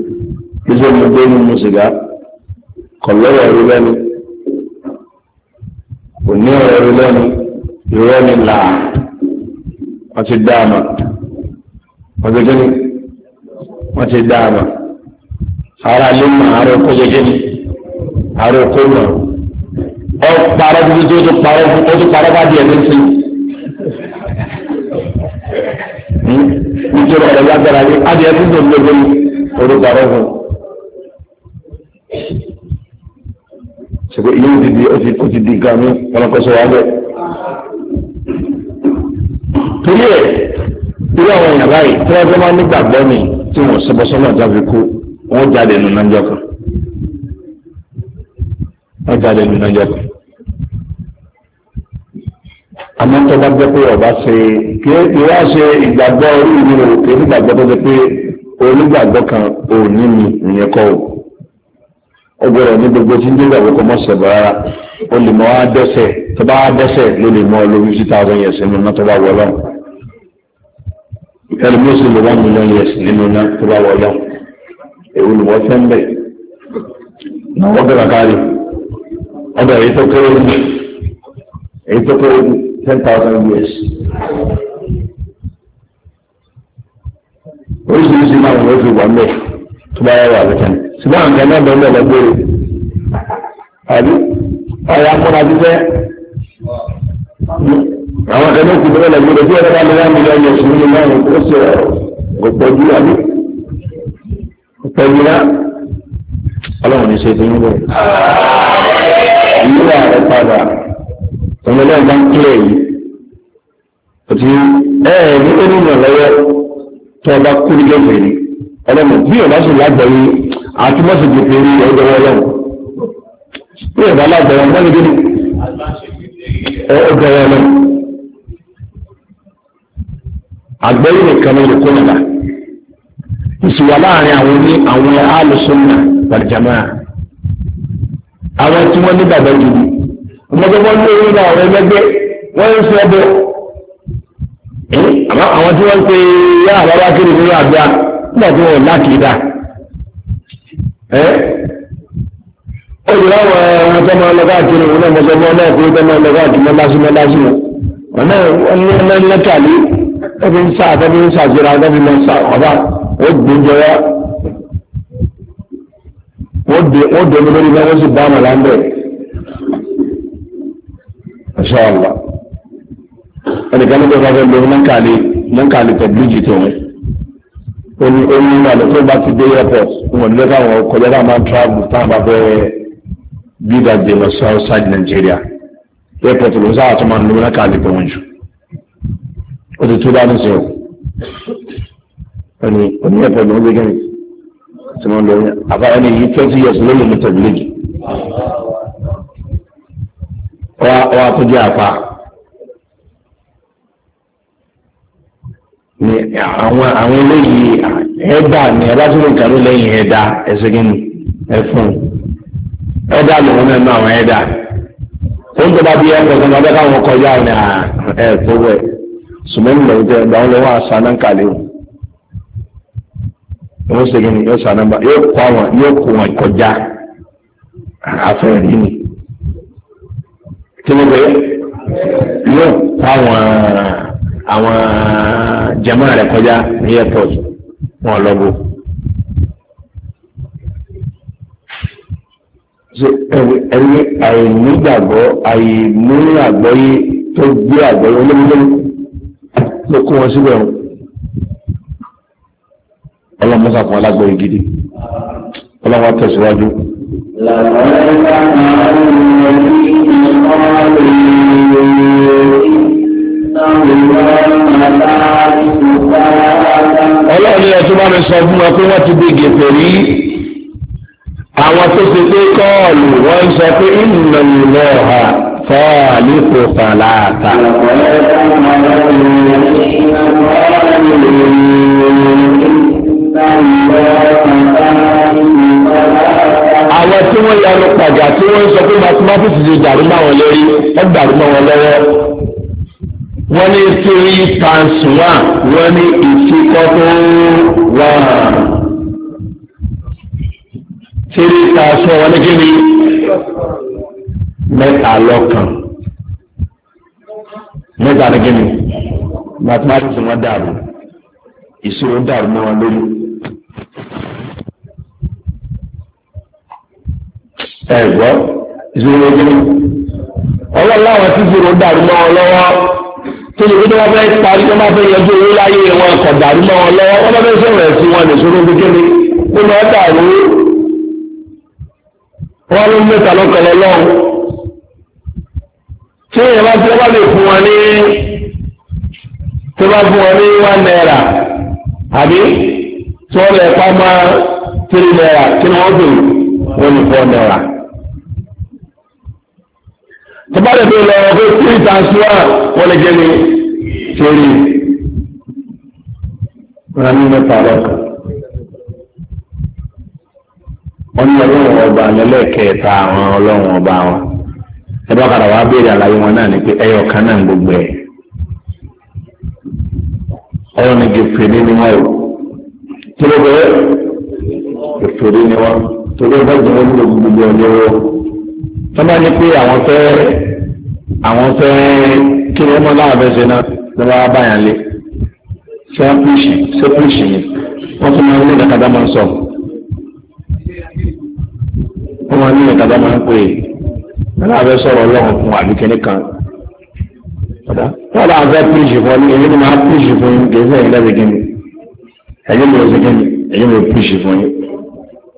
Speaker 2: iṣẹ́ mi gbé nínú sìgá kọ̀ lọ́rọ̀ ẹ̀rú lẹ́nu kò ní ọ̀rọ̀ ẹ̀rú lẹ́nu ìrọ́ ni là wọ́n ti dá àmà wọ́n ti kíni wọ́n ti dá àmà ara lè mọ àárẹ̀ kó jẹ́ kíni àárẹ̀ kó mọ̀ ọ́ parọ́ títí tó tó parọ́ tó tó parọ́ bá di ẹ̀mí sí hmm? nítorí ọ̀rọ̀ lágbára ní adìẹ tó tó gbogbo orúkọ rẹ̀ ṣùgbọ́n yóò ti di ó ti di gan mi ọlọ́kọ́sọ wa bẹ́ẹ̀. torí ẹ̀ torí àwọn èèyàn báyìí tí wọ́n fẹ́ máa nígbàgbọ́ mi tí wọ́n sọ́bọ́sọ́bọ́ àti àfikú wọ́n jáde nù nájọ́ kan wọ́n jáde nù nájọ́ kan. àmọ́ tó bá jẹ́ pé ọba ṣe kí ìwá ṣe ìgbàgbọ́ orí ìlú rẹ̀ kí onígbàgbọ́ tó jẹ́ pé onígbàgbọ́ kan ò ní mi ìyẹn kọ́ o ó gbọ́dọ̀ ní gbogbo tí ń dé ìgbàgbọ́ kọ́ mọ́sẹ̀ bọ̀ rárá ó lè mọ́ á dẹ́sẹ̀ tó bá dẹ́sẹ̀ ló lè mọ́ lórí fifty thousand years nínú náà tó bá wọ lọ́wọ́ ẹlòmíràn sì lè one million years nínú náà tó bá wọ èwo ni wọ́n fẹ́ ń bẹ̀ wọ́n bẹ̀rẹ̀ kárí ọbẹ̀ èyí tó kéré ní èyí tó kéré ní ten thousand years oríṣiríṣi máa ń wọ́n fi wà ń bẹ̀ tó bá yẹ wà lọ́tẹ̀ni ṣùgbọ́n àwọn ẹ̀mọ́ ẹ̀mọ́ ẹ̀lẹ́gbẹ̀rẹ̀ àbí ọ̀yà múra jíjẹ́
Speaker 1: àwọn ẹ̀mọ́ ti bẹ̀rẹ̀ lẹ́gbẹ̀rẹ̀ bí ẹ̀rọ bá lọ́wọ́ mi lọ́yẹ
Speaker 2: ṣùgbọ́n mi náà ó ṣe òpòjú àbí òpòjú náà ọlọ́run ní ṣe fún yín ìlú ààrẹ padà ọmọdé ọgbà ń kílẹ̀ yìí òtí ẹ̀ẹ́dì ó ní ìrànlọ́wọ́ tó ọba kú ní gẹ̀ẹ́fẹ̀ẹ́ ọlọ́run bí ọ̀dá sì lágbẹ̀ẹ́ àti mọ́sùn kìkì rí ọjọ́ ọlọ́run tí ẹ̀dá aláàbẹ̀rẹ̀ wọn níbi ní ọjọ́ ọlọ́run àgbẹ̀yìn nìkan ló lè kó nígbà ìṣùwà láàrin àwọn ní àwọn alùsùnà pàjámà àwọn tí wọ́n ní bàbá gidi ọmọdé wọn ní orí náà àwọn ẹlẹgbẹ́ wọn ń sọ ọbẹ àwọn tí wọ́n ń pe yá àbábá kiri nínú àgbà nígbà tí wọn ò lákìí dáa ẹ́ ó yẹ láwọn ọmọ tó máa lọ káàkiri òun náà mọ̀tọ́ mọ́ náà kúrò tó máa lọ káàkiri mọ́lásí mọ́lásí wọn wọn náà wọn ní ọmọ lẹ́tà lé ẹbí ń sá àtẹ́bí ń sàṣírà àtẹ́bí ń sá ọ̀bá ó gbóúnjẹ wá wọ́n dé ní lórí náà wọ́n sì bá àmàlà ń bẹ̀ ṣọ́ọ̀lá ẹnìkan ló bá fẹ́ lórí mọ́kàlì mọ́kàlì pẹ̀lú jìtọ̀ wọn ó ní ó ní tó bá ti dé airport wọn ní lẹ́ka àwọn ọkọ̀ lẹ́ka máa ń travel tá a bá fẹ́ bí ìdajì lọ sí outside Nigeria airport ló sáà tó máa ń lọ lẹ́ka àlejò wọn jù ó ti tó bá ní sẹ́wọ̀ ẹni oní airport ló ń gbé kẹ́mi tí wọ́n lọ àbá ẹni yìí twenty years ló lè mi tẹ̀lé lẹ́gì wọ́n á tó jẹ́ àpá. ni àwọn àwọn eléyìí ẹ̀dá ni ẹ bá tún lè kàró lẹ́yìn ẹ̀dá ẹ̀sẹ̀ àwọn tó bí káwọn kọjá ní lọ́wọ́ lọ́wọ́ àṣà náà kàlẹ́ o wọ́n ṣe yóò bá yóò kó àwọn yóò kó wọn kọjá àfẹ́rẹ́ kí yóò kó àwọn àwọn wọn lọ́gbó. ẹni àìnígbàgbọ́ àìní àgbọ́yé tó gbé àgbọ́yé olómúlómú ló kó wọn síbẹ̀ o ọlọ́mọ sàkún alágbọ̀yé gidi ọlọ́mọ tẹ̀síwájú. làwọn ẹgbẹ́ àwọn ọmọ yìí ni wọ́n lè ọlọ́run yẹn tó bá mi sọ fún wa pé wọ́n ti di gèfè rí àwọn tó ti pé kọ́ọ̀lù wọ́n ń sọ pé ìnànlọ́ ha fọ́ọ̀lù kò fàlàtà. àwọn tí wọ́n yanu pàjà tí wọ́n ń sọ pé mathematics ti dàrú máwọn lórí ó dàrú máwọn lọ́wọ́ wọ́n ní three times one wọ́n ní ìfikọ́tò one three times one wọ́n ní kí ni mẹ́ta lọ́kàn mẹ́ta ní kí ni mathematics wọn dàrú ìṣirò dàrú mọ́ wọn lórí. ẹ gbọ́ ìṣirò lójú ọlọ́láwọ̀ tí ìṣirò dàrú mọ́ wọn lọ́wọ́ tó lè wípé wọn fẹ́ parí wọn bá fẹ́ yanjú owó láyé wọn kò dàrú mọ́ wọn lọ́wọ́ wọn bá fẹ́ sọ̀rọ̀ ẹ̀sìn wọn lè sọ̀rọ̀ kékeré kó lọ dàrú wọn ló ń mẹ́ta lọ́kọ̀ọ́ lọ́wọ́ tí èèyàn bá fẹ́ bá lè fún wọn ní tó bá fún wọn ní one naira àbí tí wọn lè pa máa three naira kí ni wọn bèrè wọn lè fún ọ naira tọ́ba lè lọ pé three times one wọ́n lè jẹ́ ní three wọ́n ní mẹ́ta lọ́kàn wọ́n ní ọlọ́run ọba lẹ́lẹ́kẹ̀ẹ́ta àwọn ọlọ́run ọba wọn ẹ bá padà wá béèrè àlàyé wọn náà ni pé ẹyọ kan náà ń gbogbo ẹ̀ ọ̀rọ̀ ni gèfèrè ni wọ́n o tó ló bẹ́ẹ̀ gèfèrè ni wọ́n tó ló bẹ́ẹ̀ jẹ́ wọ́n ní gbogbo ọ̀lẹ́wọ́ wọ́n bá ní pé àwọn fẹ́ àwọn fẹ́ kí wọ́n mọ́ láwọn fẹ́ẹ́ ṣe náà ló bá báyà lé sẹ́pùlìṣì sẹ́pùlìṣì yẹn wọ́n tún máa ní ìdàkadà máa ń sọ wọ́n máa ní ìdàkadà máa ń pè é láwọn fẹ́ sọ̀rọ̀ ọlọ́run fún àbíkẹ́ni kan wọ́n bá fẹ́ píríṣì fún ọdún èyí ni máa píríṣì fún yín kì í sẹ́yìn lẹ́sìn kí ni ẹ̀yìn mi ò sí ẹ̀yìn mi ò fún yín.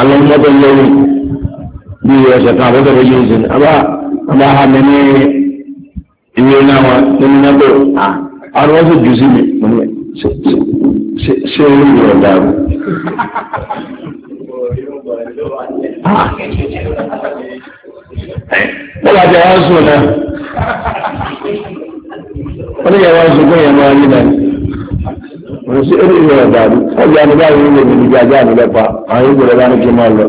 Speaker 2: alọ́ mọ́tò lórí bí ọ̀sẹ̀ kan àbọ̀tọ̀ lójú ìsìn àbá àbá ha mi ní ìwé náà wà nínú nàbó à àwọn ọ̀sẹ̀ jù sí mi ṣé orí mi ò dàrú. Bọ́lá ti wá sùn náà. Wọ́n ní ìyàwó sùn fún ìyàwó ayé náà òun sí ẹni ìwé ọ̀dà rí ọjà ní báyìí ń lè ní ibi ajá mi lẹ́pa àwọn ìgbèrè bá ní kí n máa lọ.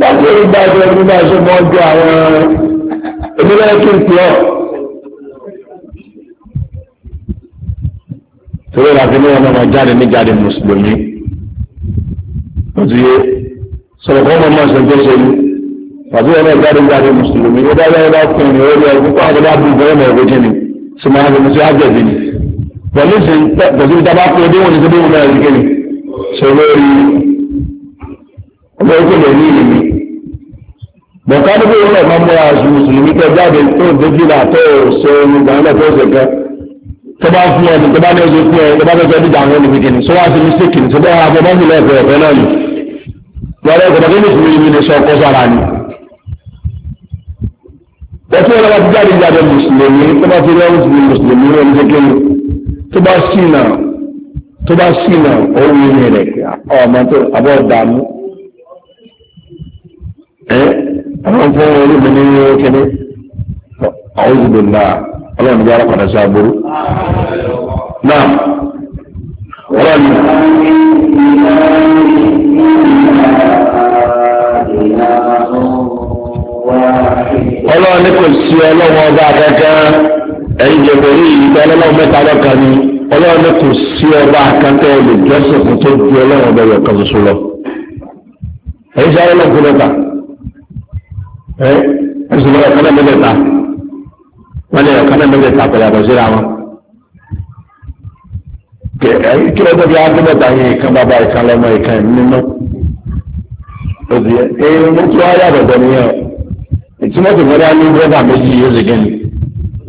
Speaker 2: láti orí bá ẹgbẹ́ ẹgbẹ́ bá ṣe mọ́ ọjọ́ àwọn onílẹ̀ kí n pè ọ́. torí ìlànà ní wọn máa jáde ní jáde mùsùlùmí ó ti yé sọ̀rọ̀ kọ́ máa máa ṣe tó ṣe ní tàbí jáde jáde mùsùlùmí ó dá lọ́wọ́ bá ni sọ pẹ̀lú ìṣẹ̀ntẹ́ pẹ̀lú ìjábá fún ọdún wọn ní sọ́dún wọn náà kékeré ṣòro rí ọmọ ẹgbẹ́ rẹ̀ ní ìlú mi. bọ̀ká ní bóyá ọ̀rọ̀ máa múra aṣọ mùsùlùmí tó jáde tó dojú là tó ṣe ohun gbà ńlẹ̀ tó ṣe kẹ́ tó bá fún ẹ tó bá ní oṣù fún ẹ tó bá fẹ́ dídà àwọn olùkíkì ní sọ́wọ́ àti mísíkì ní sọ́dọ̀ àwọn ọmọ ìlú ẹ̀fẹ̀ ẹ̀fẹ̀ náà ni wọ́n rẹ̀ kọ̀dọ̀ kí mùsùlùmí mi ní sọ ọkọ sára ni. wọ́n tún ọlọ́wọ́ ti jáde jáde mùsùlùmí tó bá fi rẹ́ mùsùlùmí mùsùlùmí rẹ̀ ní kékeré tó bá ṣìnà tó bá ṣìnà òun ní rẹ̀ ọmọ tó abọ́ dààmú ẹ́ àwọn fún orí mi ní ní kéde àwọn òṣèlú ńlá ọlọ́run bí arákùnrin aṣọ àbúrú náà ọlọ́run ọlọ́run kò sí ọlọ́run ọba kankan ẹ̀yin jẹ̀bẹ̀ ní ìgbà ọlọ́run mẹ́ta lọ́kàn ni ọlọ́run ní kò sí ọba àkàtẹ́ olùjọ́sìn fún tó ju ọlọ́run ọba yọ̀kan ṣoṣo lọ. ẹ̀yin sáré náà kú lọ́ta ẹ̀ ẹ̀sùn lọ́wọ́ ọ̀kan náà mẹ́lẹ̀ta wọ́n lè ọ̀kan náà mẹ́lẹ̀ta pẹ̀lú àbọ̀ síra wọn. kí ló dọ́bi adúmọ̀ta yẹn ìkan bàbá ìkan lọ́mọ ìkan nínú òbí ẹ̀ ẹ̀ mú kí wọ́n yàgò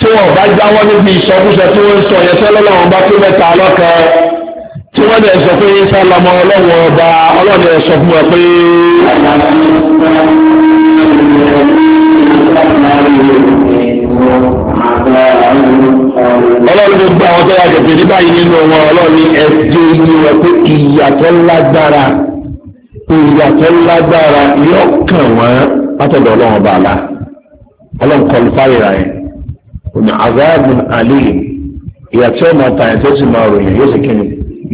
Speaker 2: tí wọ́n bá jáwọ́ níbi ìsọkúsọ tí wọ́n ń sọ yẹn sẹ́lẹ̀ lọ́wọ́n bá pé mẹ́ta ọlọ́kan tí wọ́n dẹ̀ sọ pé sá lọ́mọ ọlọ́wọ́ ọba ọlọ́dẹ sọ fún wọn pé. ọlọ́run gbogbo àwọn tó yàtọ̀ pé ní báyìí nínú wọn ọlọ́run ẹ̀jẹ̀ inú wọn pé ìyàtọ̀ lágbára ìyàtọ̀ lágbára yọ̀ọ̀kan wọn látọ̀dọ̀ ọlọ́run bàálà ọlọ́run kọlùfáyìrà yẹn. òní azabu alim ìyá tí ya ta ẹ̀tọ́ sì máa ròyìn yóò sì kíni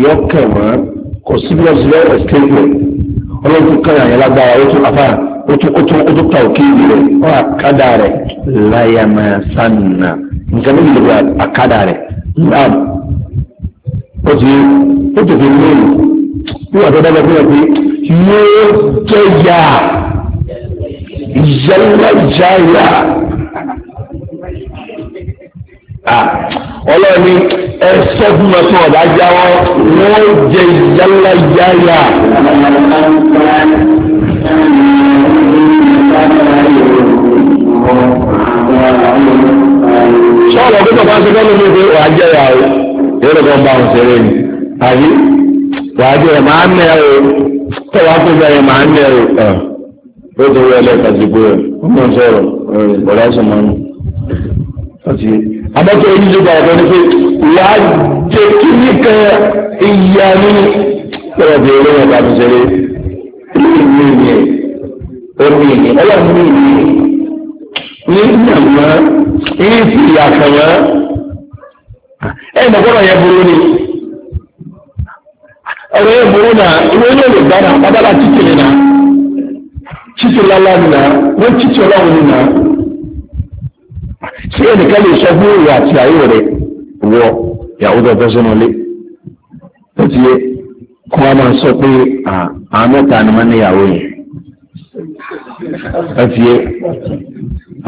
Speaker 2: yóò kẹ̀ wọ́n kò síbi ọ̀sìn lọ́wọ́ ẹ̀sìtéèkì ọlọ́run tún kẹ́yìn àyẹ̀ lágbára ó tún afá ó tún ó tún ó tún ta òkè ìlú rẹ̀ ó àkádà rẹ̀ láyàmà nǹkan méjì ló àkádà rẹ̀ náà ó ti ó ti fi mú bí dábàá fún yóò jẹ́ Ah, ọlọ́ọ̀ni ẹ sọ fún mi fún ọ̀dà jáwọ́ wọ́n jẹ yálà yáyà. sọ́ọ̀lọ́ tó tọ́ka ṣe lọ́nà mi pé wàá jẹ́ ìyá o èrò kan bá òun ṣeré ni àbí wàá jẹ́ màá nẹ́ o tọ́wọ́ tó bẹ̀rẹ̀ màá nẹ́ o ah, ó ti wọlé kàdìgbò rẹ̀ ó mọ̀ sọ̀rọ̀ ọ̀rẹ́ ìgbọ̀lá sọ̀mọ́nù àbẹ́tọ̀ oníṣègùn àgbẹ̀ ni pé wàá jẹ́ kí nìkan ìyá ní ọ̀rọ̀ bẹ̀rẹ̀ lọ́wọ́ bá ti ṣeré ní ìlú ìlú ẹ̀ omi ìlú ọlọ́run ní ìlú ní ìyàmọ́ ní ìfìyàkànmọ́ ẹ̀ mọ̀gbọ́dọ̀ yẹn burú ni ọ̀rọ̀ yẹn burú náà ìwé yóò lè gbára abala títì nìna títì lálá nìna wọ́n títì ọlọ́run nìna tí ẹnìkan lè sọ fún ìwà àti ayé rẹ wọ ìyàwó tó fẹ́ sínú ilé tó ti yẹ kó wọn máa sọ pé àwọn mẹ́ta ni wọ́n níyàwó yẹn tó ti yẹ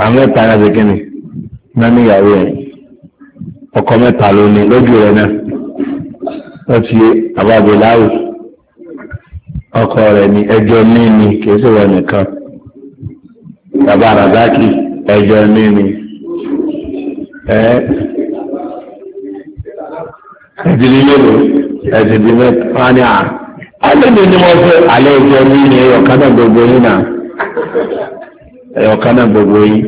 Speaker 2: àwọn mẹ́ta ni wọ́n ti kíni wọ́n ọkọ mẹ́ta ló ní lójú rẹ náà tó ti yẹ àbábọ̀ láwù ọkọ rẹ ni ẹjọ́ míì ni kì í nìkan bàbá ràdákì ẹjọ́ míì ni. ẹ̀dìdì mélòó ẹ̀dìdì mẹ́ta wọn ni na-enye ni wọ́n fẹ́ alẹ́ ìjọ mi na gbogbo onye na- ẹ̀yọ̀kan gbogbo onye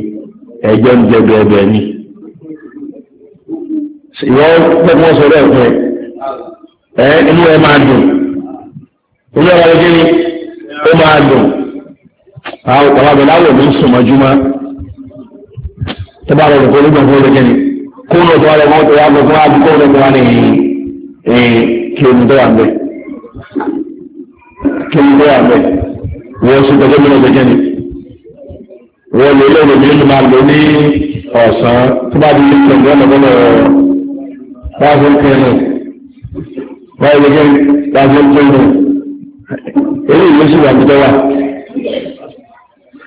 Speaker 2: ejọ ń jẹ bẹ́ẹ̀ ni ìwọ pẹ́ẹ́pọ́ sọ̀rọ̀ ẹ̀fẹ́ ẹ̀ inú ẹ̀ ma dùn inú ẹ̀ máa dùn dùn tó bá rọrùn kó nígbà fún olókè ni kó ní ọ̀tọ̀ rẹ̀ mọ́ tó yá lọ fún àdúgbò rẹ̀ tó wà ní kí omi tó wà ń bẹ kí omi tó wà ń bẹ wọ́n sún tọ́jú mi olókè ni wọ́n lè lọ́wọ́ mi nínú máa lò ní ọ̀sán tó bá di ìgbà lọ́gbọ́n bá fún kẹ́nu bá olókè ni bá fún kẹ́nu èyí ìlú sì wà ń tọ́wà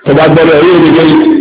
Speaker 2: tó gbọ́dọ̀ èyí olókè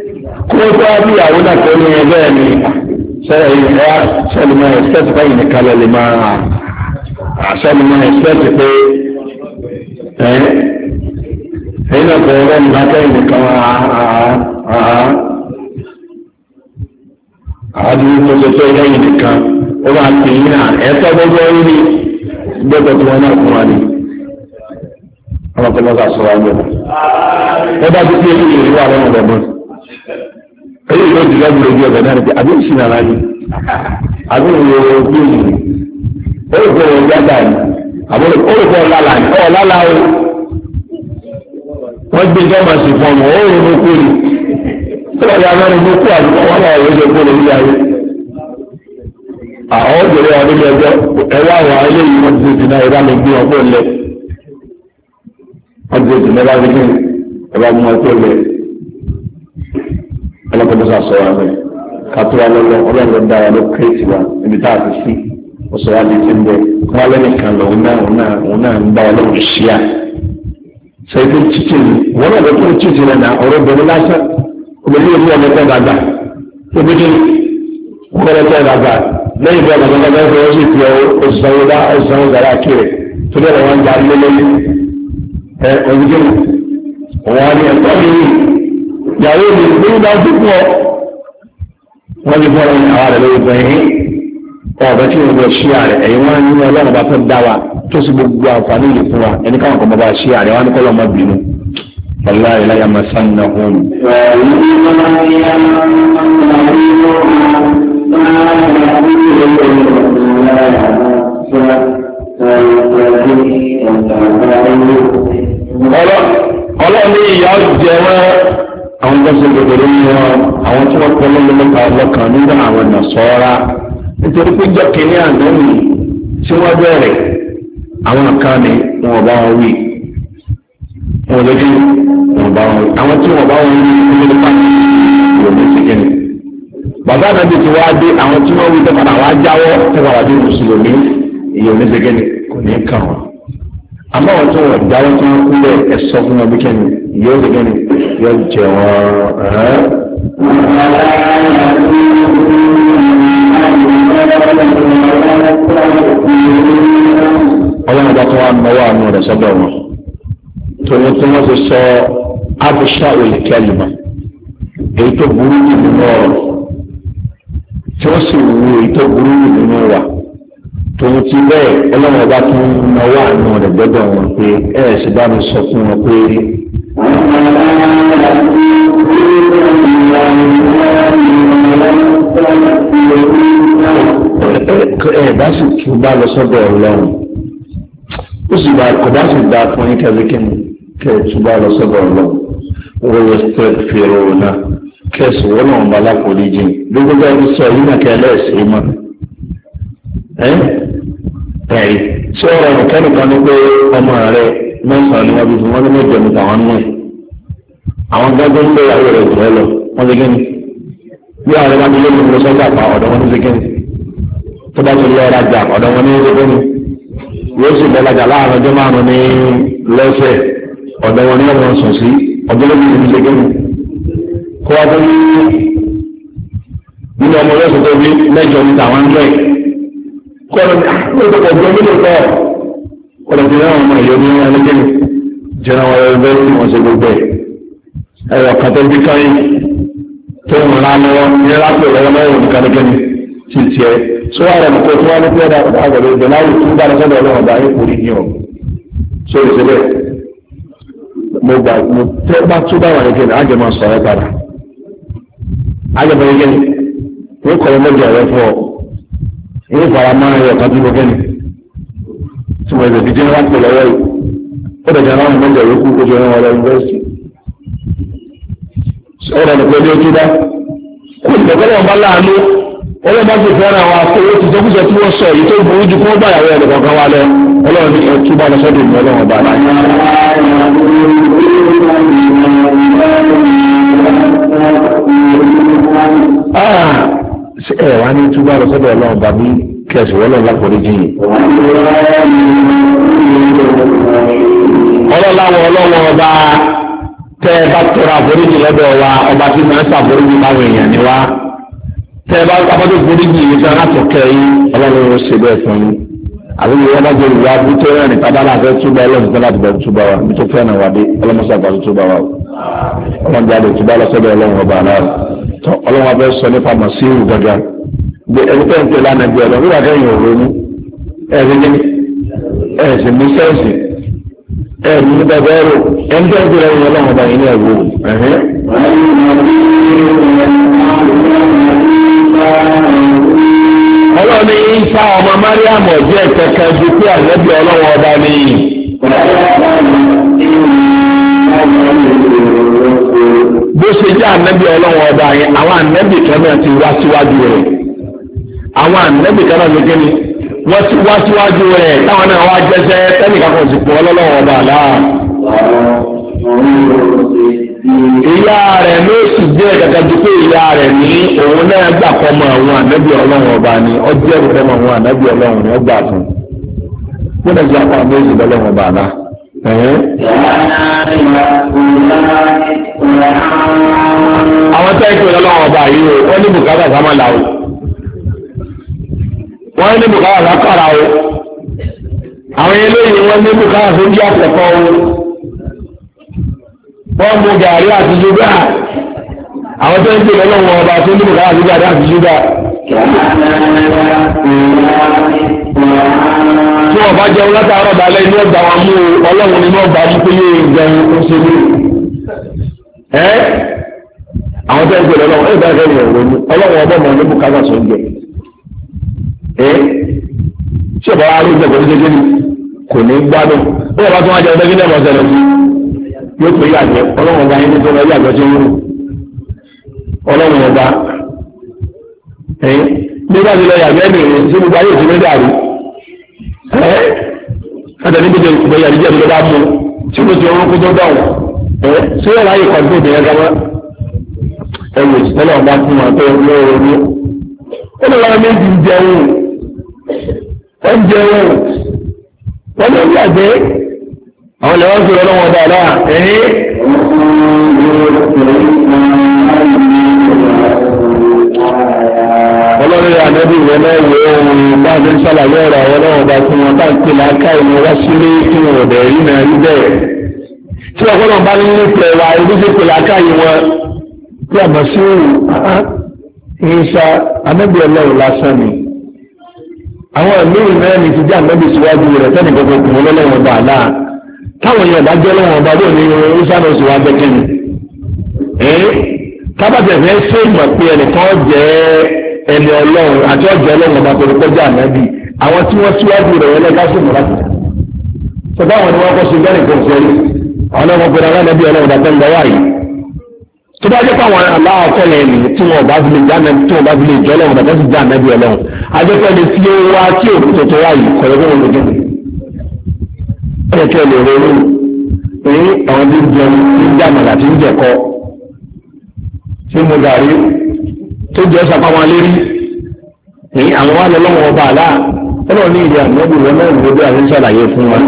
Speaker 2: kó tó a bí ìyàwó náà tó ní ẹ bẹ́ẹ̀ ni sẹ́yìn ẹ̀ sẹ́lùmọ́ ẹ̀sẹ̀tì báyìí nìkan lè máa sẹ́lùmọ́ ẹ̀sẹ̀tì pé ẹ̀ ẹ̀yìn náà kò rẹ́ nígbà tẹ́yìn nìkan àádúró tó ṣe tó lẹ́yìn nìkan ó máa pè yín náà ẹ̀tọ́ gbogbo ẹ̀yìn ni gbogbo tí wọ́n náà fún wa ni ọmọkùnrin ọ̀gá sọ̀rọ̀ ọ̀gbọ̀n. ẹ bá ti pé ìlú àwọn ọ̀dọ́ èyí yóò di lẹ́gbẹ̀ẹ́ ojú ọ̀gá náà níbi àbí ìṣìnà náà ni àbí ìwé ojú ìlú olùkọ́ ìwé yàtà ni àbí olùkọ́ ọ̀làlà ni ọ̀làlà o wọ́n gbé jọ́mà sí fún ọmọ ó ronú kú ni tọ́lá ya náà ronú kú àbí wọ́n náà ronú kú ní o ayé. àwọn òjòlè ọdún lẹ́jọ́ ẹ wá wà eléyìí wọ́n ti dèjì náà ẹ bá mi gbé ọgbọ́n lẹ wọ́n ti dèjì náà ẹ bá mi gbé ẹ bá mi gbé ọgbọ́n lẹ ọlọ́kọ̀ọ́sà sọ wa bẹ́ẹ̀ kàtúwà lọ́lọ́ ọlọ́run dá wa ló kírètì wa níbi tá a ti sí ó sọ wa létí ń bẹ kó wa lẹ́nu kan lọ òun náà òun náà òun náà ń bá ọlọ́run ṣíà sẹ́yìn tó títì ní wọ́n náà lọ́kọ́ títì rẹ̀ náà ọ̀rọ̀ bẹ̀rẹ̀ lásán obìnrin yóò mú ọmọ ẹgbẹ́ gbàgbà lẹ́yìn bẹ́ẹ̀ lọ́gbọ́n gbàgbà ẹgbẹ́ ìyàwó mi ní ìgbà tó pọ̀ wọ́n ti bọ́ ọ̀run àwọn àdàlẹ́ ògbà yìí ọ̀bẹ tí wọ́n bọ̀ ṣí àrẹ ẹ̀yìn wọn ní ọlọ́run bá fẹ́ dá wa tó sì gbogbo àǹfààní yìí fún wa ẹni káwọn kan bá bá ṣí àrẹ wọn ní kọ́lọ́ ọmọ bínú. والله لا يمسنهم ọlọ́ọ̀ni ìyá jẹ́ wọ́n àwọn gbọ́sẹ̀ gbẹ̀gbẹ̀rẹ̀ ń yọ àwọn tí wọ́n pẹ́lú lọ́mọta ọlọ́kan nínú àwọn nàṣọ́ra nítorí pé jọ́ kínní àná mi tí wọ́n bẹ̀rẹ̀ àwọn kan ní wọn bá wọn wí wọn lójú wọn bá wọn wí àwọn tí wọn bá wọn wí ní nípa yóò ní sìkìnnì. bàbá ànábì ti wá dé àwọn tí wọn wí tẹ́fà wá jáwọ́ tẹ́fà wá mùsùlùmí yóò ní sìkìnnì kò ní kàn wọn àmọ́ àwọn tó wọ̀ dáwọ́ tó ń kú lẹ̀ ẹ sọ fún ọbí kẹ́ni yóò lè kẹ́ni yóò jẹ wọ́n. ọlọ́run bá tó wà náwó àánú rẹ̀ sọ́dọ̀ wọn torí tí wọ́n ti sọ abisha olùkẹ́lìmọ̀ èyí tó burú jù nínú ọ̀rọ̀ tí wọ́n sì wú èyí tó burú jù nínú wa tòun ti bẹ́ẹ̀ ọlọ́run ọba tún ọwọ́ àánú rẹ̀ gbọ́dọ̀ wọn pé ẹ ẹ̀ sì bá mi sọ fún wọn pé. ẹ bá sì tún bá lọ sọ́dọ̀ ọlọ́run ó sì bá kò bá sì dá fún yín kẹ́bí kí ni kẹ́ ẹ tún bá lọ sọ́dọ̀ ọlọ́run wọ́n yẹ fèrè ọ̀nà kẹ́sì wọ́n náà ń bá alákòólé jìn gbogbo ẹni sọ yín náà kẹ́ ẹ lẹ́ẹ̀sì mọ́ ẹ̀rí ṣé ọ̀rọ̀ nìkan nìkan ni pé ọmọ rẹ mẹ́sàn-án ni wọ́n fi fún wọn ní mẹ́jọ ní tàwọn nù ẹ̀ àwọn gbẹ́gbẹ́ ń bẹ ìyàwó rẹ̀ jù ẹ lọ wọ́n ti gẹ́ni bí àwọn ọmọdé lé mi lọ sọ́jà pa ọ̀dọ̀ wọn ti gẹ́ni tó bá ti lọ rajà ọ̀dọ̀ wọn ní ti gẹ́ni yóò sì bẹ́lájà láàrin ọjọ́ márùn-ún ní lọ́sẹ̀ ọ̀dọ̀ wọn ní ọmọ sùn kọ́lọ̀ ọjọ́ mílò tọ́ kọ́lọ̀ jẹ́ náà ọmọ ìyọ́ ní wọn lẹ́gbẹ̀ẹ́ jẹ́nà wọn ẹgbẹ́ tí wọ́n ṣe gbogbo ẹ̀ ẹ̀rọ kàtẹ́ bí káyé tó ń rán lọ́wọ́ ní lápẹ̀ lọ́wọ́ mẹ́rin ní kálẹ́gbẹ́ ni ti tiẹ̀ tó wà rẹ̀ kó tó wà ní pẹ́ẹ́dà àgbẹ̀lẹ̀ ìgbẹ̀ láyé tó ń bá lọ́sọ̀dọ̀ ọlọ́run bá yípo ní yàn so ìṣẹ̀lẹ̀ mo gbà mo tẹ́ bá tó bá wà nìkan àjẹ́ máa sọ̀rọ̀ padà àjẹ́ máa yẹ kí ni wọ́n kọ́ ọmọdé ọ̀rẹ́ fún ọ ilé ìfaramọ́ra yẹ kan tí mo kẹ́ni tí mo ẹ̀sẹ̀ ti jẹ́ láti lọ́wọ́ yìí ó dẹ̀jẹ̀ náà mo jẹ̀ yókù kó jẹ́ wọn lọ yunifásitì ọ̀rọ̀ nìkan ilé ojú dá kó ìdọ̀kọ́lẹ̀ wọn bá láàánú ọlọ́run bá ti fẹ́ràn àwọn ti sọ́kúsọ tí wọ́n sọ èyí tó burú fún báyàwó ẹ̀ wá ọlọ́run bá ẹ wá ní túbọ̀ lọ sọ́dọ̀ ọlọ́run bàbí kẹsì wọ́n lọ́la kò rí jìn. ọlọ́láwọ̀ ọlọ́wọ́ ọba ẹ bá tọrọ àforíjì lọ́dọ̀ ọba tí màá ṣàforíjì báwọn èèyàn ni wá tẹ́ ẹ bá abọ́dọ̀ foríjì yìí ọlọ́run ó ṣe bẹ́ẹ̀ fún bá ọlọ́run láti wa fẹ́ràn dé tọ́ ọlọ́wọ́ abẹ́ sọ nípa màsíhù gàgà gbé ẹni tẹ́ ń tẹ́ lánàá gbé ọlọ́wọ́ nígbà kẹ́yìn òwe mú ẹ̀rí ní ẹ̀sìn mú sẹ́ẹ̀sì ẹ̀rí ní bàbá ẹ̀rọ ẹni tẹ́ ń tẹ́ lẹ́yìn ọlọ́wọ́ bá yín ní ẹ̀wọ̀ ọlọ́wọ́ ní ifá ọmọ mariam ọ̀jẹ́ kẹ̀kẹ́ ju pé àlẹ́bí ọlọ́wọ́ ọba ní yìí. bó ṣe jẹ́ ànábì ọlọ́wọ́ ọba yẹn àwọn ànábì kan náà ti wá síwájú rẹ̀ àwọn ànábì kan náà ti gbé ni wọ́n ti wá síwájú rẹ̀ táwọn náà wá jẹ́sẹ́ tẹ́nìkan kan sì pọ̀ ọlọ́wọ́ ọba àlá. ìyá rẹ̀ ló sì jẹ́ ju pé ìyá rẹ̀ ní òun náà gbà ni ọjọ́ àwọn àwọn tẹ́ẹ̀kì ọlọ́wọ́ ọba yìí o wọ́n ní bùkátà sáma là o wọ́n ní bùkátà sákàrà o àwọn eléyìí wọ́n ní bùkátà sójú àpẹ̀kọ́ o wọ́n mú gàrí àti ṣúgà àwọn tẹ́ẹ̀kì ọlọ́wọ́ ọba tó ní bùkátà àti ṣúgà. tí wọ́n bá jẹun látàárọ̀ dalẹ́ ní ọgbà wọn mú ọlọ́run ní ọgbà mú pé yóò jẹun tó ṣe mí. ẹ àwọn tẹ́ ń gbèrè ọlọ́run ẹ̀ dáhùn ẹ̀yìn ọ̀rọ̀ ni ọlọ́run ọgbọ́n mọ̀ ní bùkátà sọ ń jẹ. ẹ tí ọba wa ló ń jẹun tó ṣe ní kò ní gbádùn bí wọ́n bá tún wá jẹun tó ṣe ní ọ̀sẹ̀ lọ sí yóò pé yàgbẹ́ ọlọ́run ọba yín tó lọ yàgbẹ́ tó ń rù ọlọ́run ọba ẹ nígbà tí lọ yàgbẹ́ nìyẹn sí gbogbo ayé òsì ẹ́ ẹ̀dẹ̀ níbi jẹ́ ìgbẹ́ yàrá ìjẹ́ ìjọba mú tí ó ti ọrún kó tó dáhùn ẹ́ sí ọ̀rọ̀ ayé kan tó bẹ̀rẹ̀ gama ẹ̀wò ìtọ́lọ̀ ọba fún wa tó lọ́wọ́ ní. ó lè wọ́n méjì ń jẹun wọ́n jẹun wọ́n lè ní àjẹ́ àwọn lè wọ́n fi ọlọ́wọ́ dáadáa ẹ̀yìn olórí ànábì rẹ náà wọ ohun báàbí sàlàyé ọ̀rọ̀ àwọn ọlọ́run bá tí wọn bá ń pè láká ìlú wá sílé tí wọn ò bẹ̀rẹ̀ yìí náà rí bẹ́ẹ̀ tí wọn gbọ́dọ̀ bá nínú ìpè wa ìlú tó pè láká yìí wọn tí a bọ̀ sí òwò ìṣá ànábì ọlọ́run lásán ni àwọn ìlú náà ní ti jẹ́ ànábì síwájú rẹ̀ sẹ́ni gbogbo kùn ọlọ́run bá náà táwọn yẹn bá jẹ́ ọlọ́run bá bóyá ní ìṣá náà sì wá tábàtẹ̀ fẹ́ ṣé ìmọ̀ pé ẹnìkan jẹ́ ẹni ọlọ́run àti ọjọ́ ọlọ́run ọba tó kọjá ànábì àwọn tí wọ́n síwájú rẹ̀ wọlé ká sùn mọ́ra kìí. sọ́dọ̀ àwọn ni wọ́n kọ́ sí bẹ́ẹ̀ kò sẹ́yìn àwọn náà wọ́n pe ara ẹ̀nàbí ọlọ́run dàtẹ́ ń bọ̀ wáyé. tó bá jẹ́ pàwọn aláwọ̀ kọ́lẹ̀ ẹ̀mí tí wọ́n bá fi lè já ẹ̀mí tí wọ́n bá fi lè jọ́ ọlọ́run dàtẹ́ sì já ẹ̀mí ọlọ́run adékọ́ni tí ó wá tí òkú tuntun wáyé kọ̀ọ̀kọ́ wọn lójú tí mo gàrí tó jẹ́ sàpamọ́ lérí ní àwọn wà lọ́wọ́ ọba àlá ọlọ́run ní ìdí àmọ́bù wọn náà ló bí àwọn ṣàlàyé fún wa.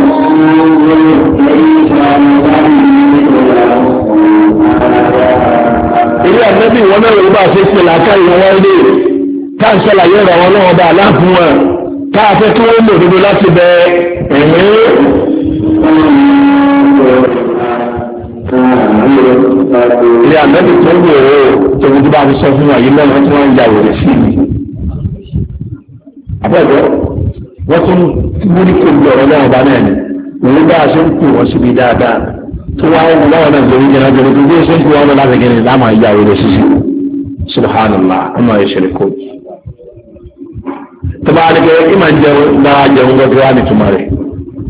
Speaker 2: ilé àmọ́bù wọn náà ló bá ṣe pé làákàyè wọn lè tá à ọ̀rọ̀ àwọn náà ọba àlá fún wa tá a kí wọ́n lò dodo láti bẹ ẹ̀mí ilé àmẹ́bí tó ń gbèrò tóbi tó bá fi sọ fún wa yìí lọ́wọ́ tí wọ́n ń ya wèrè sí i. àbẹ̀bẹ̀ wọ́n tún múlí kò lu ọ̀rọ̀ náà bá náà ni òun bá a ṣe ń kù wọ́n síbi dáadáa tó wá wọn láwọn náà lórí jẹ́ náà jẹ́ lórí bí ó ṣe ń kú wọn lọ láti gẹ́gẹ́ láàmú ya wèrè sí i. subhanallah ọmọ yẹn ṣe lè tó bá a lè kẹ́ ìmọ̀ jẹun lára jẹun gbọ́dọ̀ wá nítumọ̀ rẹ̀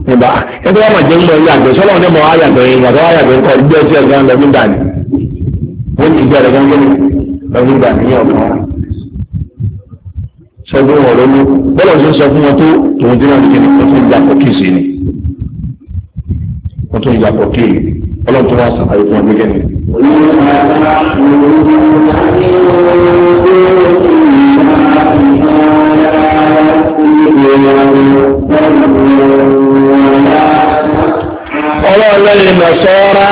Speaker 2: nígbà ẹgbẹ́ lọ yàgbẹ́ sọ́lọ́ọ̀ ní mọ̀ wá yàgbẹ́ yàgbẹ́ wá yàgbẹ́ kọ́ ìgbẹ́ tí ẹ̀gbẹ́ ń lọ nígbà ni ó ti gbé àdàgbà ńlẹ lọ́dún ìgbà níyà ọ̀kan sọdún wọn lónìí bọ́lá ṣe ń sọ fún wọn tó tòun dín náà ní kíni wọ́n tún ń yàpọ̀ kí sí ni wọ́n tún ń yàpọ̀ kí ọlọ́run tó wá sàkàyé fún wọn gbé kẹ́ni. ọlọ́run lẹ́yìn náà sọ́ra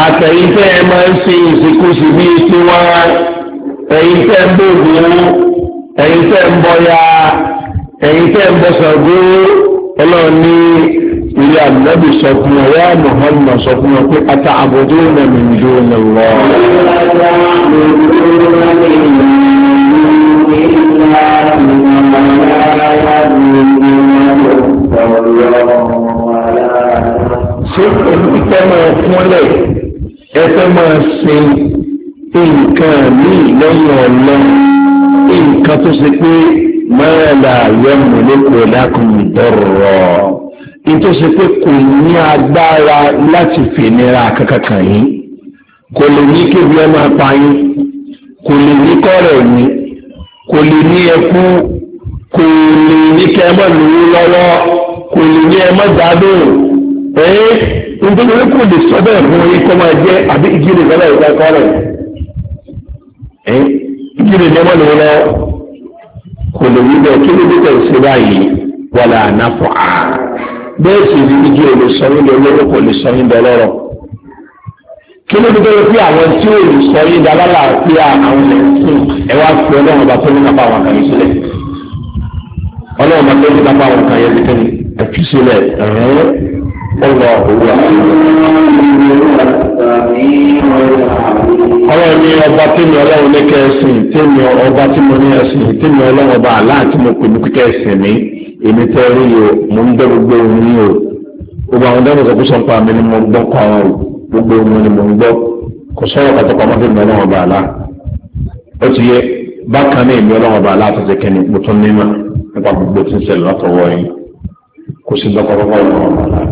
Speaker 2: àtẹ̀yìn tẹ́ ẹ máa ń ṣe ìsìnkúsì bíi tiwa ẹ̀yin tẹ́ ń bògùn ẹ̀yin tẹ́ ń bọ̀yà ẹ̀yin tẹ́ ń bọ̀sàgó ọlọ́run ní ilé ànábì sọ fún ọ yá Muhammad sọ fún ọ pé ata àbòdó nàmì ìjọ nàlọ. ṣé èmi tẹ́ mọ̀ ọ́ ẹ fẹ́ máa ṣe nǹkan míì lẹ́yìn ọ̀lọ́ nǹkan tó ṣe pé máa là yẹmu lóko lákùnrin dọ̀rọ̀ ètò ṣe pé kò ní agbára láti fìnira kankan yìí kò lè ní kébi ọmọ apáyín kò lè ní kọ́rẹ̀ yìí kò lè ní ẹkú kò lè ní kẹ́ ẹ mọ̀ kò lè ní ẹ mọ̀ gbádùn ẹ́ nítorí orí kò lè sọ bẹ́ẹ̀ fún yín kọ́ máa jẹ́ àbí ìgírè lọ́wọ́ ìgbà kọ́rẹ̀ ẹ́ ìgírè lẹ́wọ́ lọ́wọ́ lọ́wọ́ kò lè wí bẹ́ẹ̀ kí ló dé bẹ́ẹ̀ sí báyìí wọlé ànáfọ̀ á bẹ́ẹ̀ sì rí ìgírè lè sọ yín lọ́wọ́ kò lè sọ yín bẹ́ẹ̀ lọ́rọ̀ kí ló dé bẹ́ẹ̀ pé àwọn tí ò lè sọ yín dálára pé àwọn ẹ̀ wá fi ọlọ́run bá tó ní kápá àwọn kan sílẹ̀ ọlọ́run bá tó والله هو ọlọ́run ní ọba tèmi ọlọ́run ní kẹ́sìn tèmi ọba tí mo ní ẹ̀sìn tèmi ọlọ́run ọba aláàtí mo pè ní kíkẹ́ ẹ̀sìn mi èmi tẹ́ rí o mo ń dẹ́ gbogbo ohun ní o gbogbo àwọn dẹ́rù sọ pé sọ́npa mi ni mo gbọ́ kọ́ àwọn o gbogbo ohun ni mo ń gbọ́ kò sọ̀rọ̀ kàtó pamọ́ tèmi ọlọ́run ọba alá ó ti yẹ bákan náà èmi ọlọ́run ọba alá àti ṣe kẹ́ni mo tún ní ma nípa gbogbo tí ń ṣẹlẹ̀ látọwọ́ yìí kò sí dọ́kọ̀ọ́kọ́ ọlọ́run ọba alá.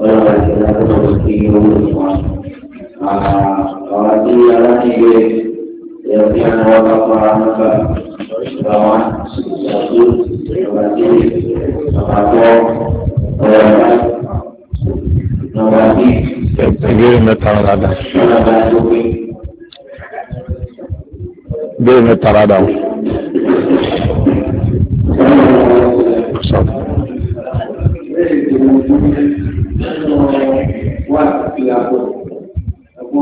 Speaker 2: ọlọ́run àti ọlọ́run tó ti owó ìwọ̀n. àwọn tí aláṣẹ ẹ̀fí àwọn ọlọ́pàá aráńgbà ìgbà wọn ìyàtú ìjọba tí àpapọ̀ ọ̀rọ̀ ìjọba tí. ìbéèrè mẹ́ta rárá dà. ọlọ́ba tó gbé. ìbéèrè mẹ́ta rárá dà o.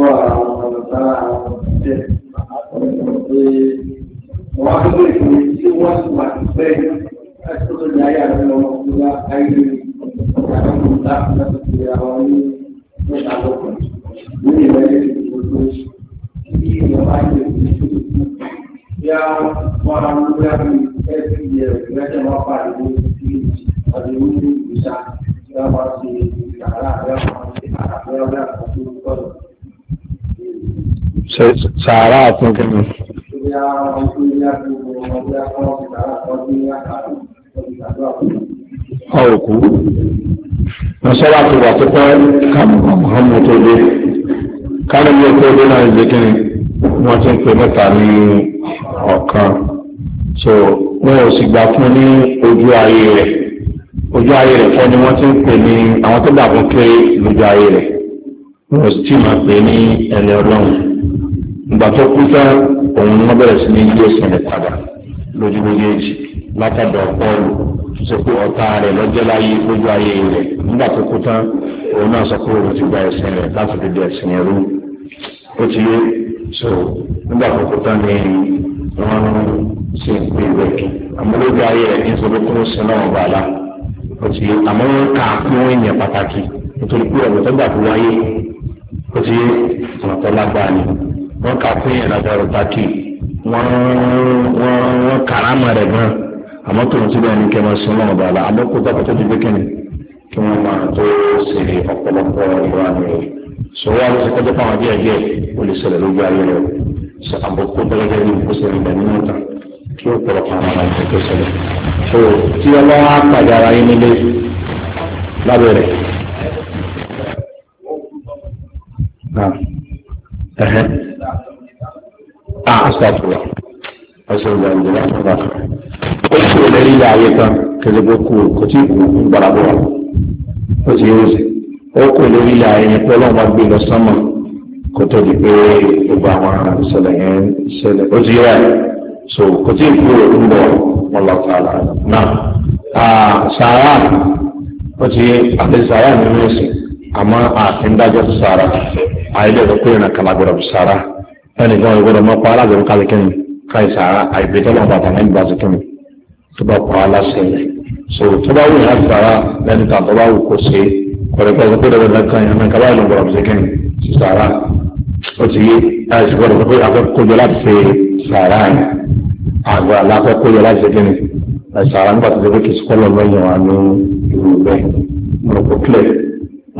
Speaker 2: wà. sàárà fún kẹ́mi. ọ̀kú nasọ́lá ti wà tó pẹ́ kàmùhàmù tó dé kánìmí tó dé náà ìgbé wọ́n ti ń pè mẹ́ta ní ọ̀kan so wọn ò sì gbà fún ní ojú ayé rẹ̀ ojú ayé rẹ̀ fọ́ ni wọ́n ti ń pè ní àwọn tó gbà fún kéré lójú ayé rẹ̀ wọn sì tì máa pè ní ẹni ọlọ́run ìgbà tó kú tán òun wọn bẹ̀rẹ̀ sí ní yíyé sẹ̀lẹ̀ padà lójú méjèèjì látàdọ̀ pọ́ọ̀lù sọ pé ọ̀tá rẹ̀ lọ́jọ́ láyé lójú ayé rẹ̀ nígbà tó kú tán òun náà sọ pé òun ti gba ẹ̀sìn rẹ̀ láti fi di ẹ̀sìn ẹ̀rú ó ti yé so nígbà tó kú tán ni wọ́n ṣe ń pè rẹ̀ àmọ́ lójú ayé rẹ̀ ní sọ pé kó sin náà wà lá ó ti yé àmọ́ wọn kà á fún èèyàn pàtàkì nítorí pé ọ̀gbọ̀n tó wáyé ó ti yé ọ̀nà lágbára ni wọ́n kà fún yẹn látàrí pàkì wọ́n wọ́n wọ́n kàrámà rẹ̀ gan àmọ́ tòun ti bẹ́ẹ̀ ni kẹ́ máa sún náà bàbá àmọ́ kó dábàá tó ti gbé kẹ́ni kí wọ́n máa tó ṣe ọ̀pọ̀lọpọ̀ ìwà rẹ̀ sọ̀rọ̀ àwọn ti kọ́jọ́ fáwọn díẹ̀ díẹ̀ ó lè ṣẹlẹ̀ lójú ayé rẹ̀ sọ àbòkú tọ́lọ́jẹ́ ní kó ṣe ìgbà nínú ìta kí ó pọ̀rọ̀ fún àwọn àti tó tó tí ọlọ́wọ́ á pàdé àṣàfùwà ọ̀ṣọ́gbà ìjọba àṣàfùwà ó sì wọlé nílẹ̀ ayé kan kẹlẹ́gbẹ́ kú kò tí kú ń gbára bọ̀ ó sì yóò sì ó kò lórí ilẹ̀ ayé yẹn pé ọlọ́run bá gbé lọ sánmà kó tó di pé gbogbo àwọn àmọ́ àfindájọ́ tó sára àìlẹ́dọ̀ pé ìrìnà kan agbọ̀dọ̀ tó sára ẹnì kan ìgbọ̀dọ̀ mọ́ pa alágbèrè kálí kẹ́mi káì sára àìbẹ́tẹ́ náà bàtà náà nígbà tó kẹ́mi tó bá pa aláṣẹ rẹ̀ so tó bá wù yàrá sára lẹ́nu tàbí bá wù kó ṣe kọ̀rẹ́kọ̀rẹ́ pé dọ̀dọ̀ kan yẹn náà kábàáyé ló gbọ̀dọ̀ tó kẹ́mi tó sára ó ti yé àìsí gbọ̀dọ̀ pé àkọ́kọ́jọ láti ṣe sára yẹn àgbà alákọ́kọ́jọ láti ṣe kẹ́mi àìsàrà nígbà tó dé pé kìsìkọ́lọ̀ lọ́yìn wa ní ìlú bẹ́ẹ̀ mọ̀ọ́kọ́ clear.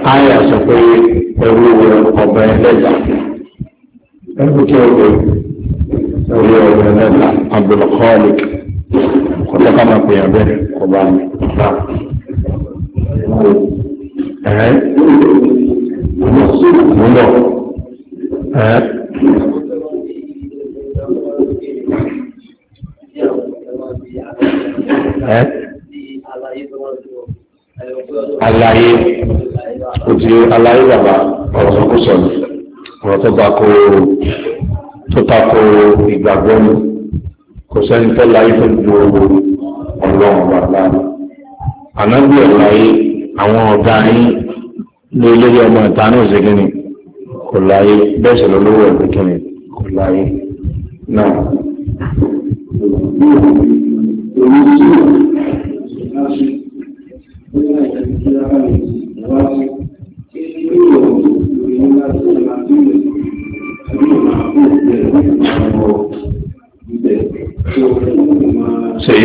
Speaker 2: Táyà sọ pé ẹrú ọba ẹlẹ́dà. Ẹrú kí ọgbẹ́ ẹrú ọba ẹlẹ́dà Abdulkhali. Kọ́tọ́ ká máa pè é abẹ́ ọba mi. Ẹ̀ẹ́ mo ń bọ̀. Ẹ̀ẹ́. Ẹ̀ẹ́. Àlàyé kò ti aláyé bàbá ọ̀rọ̀ tó kò sọ̀rọ̀ ọ̀rọ̀ tó bá kó tó ta ko ìgbàgbọ́ mi kò sẹ́ni tó láyé tó ju ọlọ́run bàbá mi. ànábì ọ̀láyé àwọn ọ̀gá yín ló lórí ọmọ ìta náà ṣe kí ni kò láyé bẹ́ẹ̀ sì lọ́wọ́ ẹ̀gbẹ́ kí kò láyé náà. Thank you.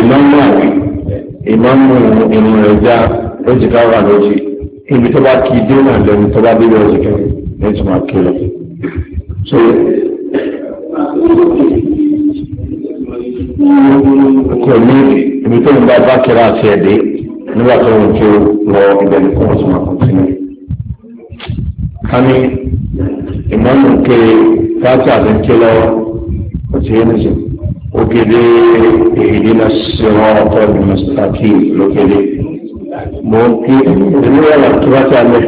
Speaker 2: ìmáàmù àwẹ̀ ìmáàmù ìrìn ẹ̀já ó ti ká wà lójì ibi tó bá kí i dé náà lẹ́nu tó bá débẹ̀ ọ̀sẹ̀ kẹrin ní tó máa kí lọ. kò ní ibi tó ń bá bá kíra àti ẹ̀dẹ́ nígbà tó ń kí o lọ ibẹ̀ ní kóòtù máa kún sí ni. ká ní ìmáàmù kéré fáṣà àti kí lọ́wọ́ kò sí ẹni òkèdè ìdínà sọ̀rọ̀ ọ̀tọ̀ mùsùlùmí lókèdè mọ̀ ń kí ẹni wà láti wá sí alẹ́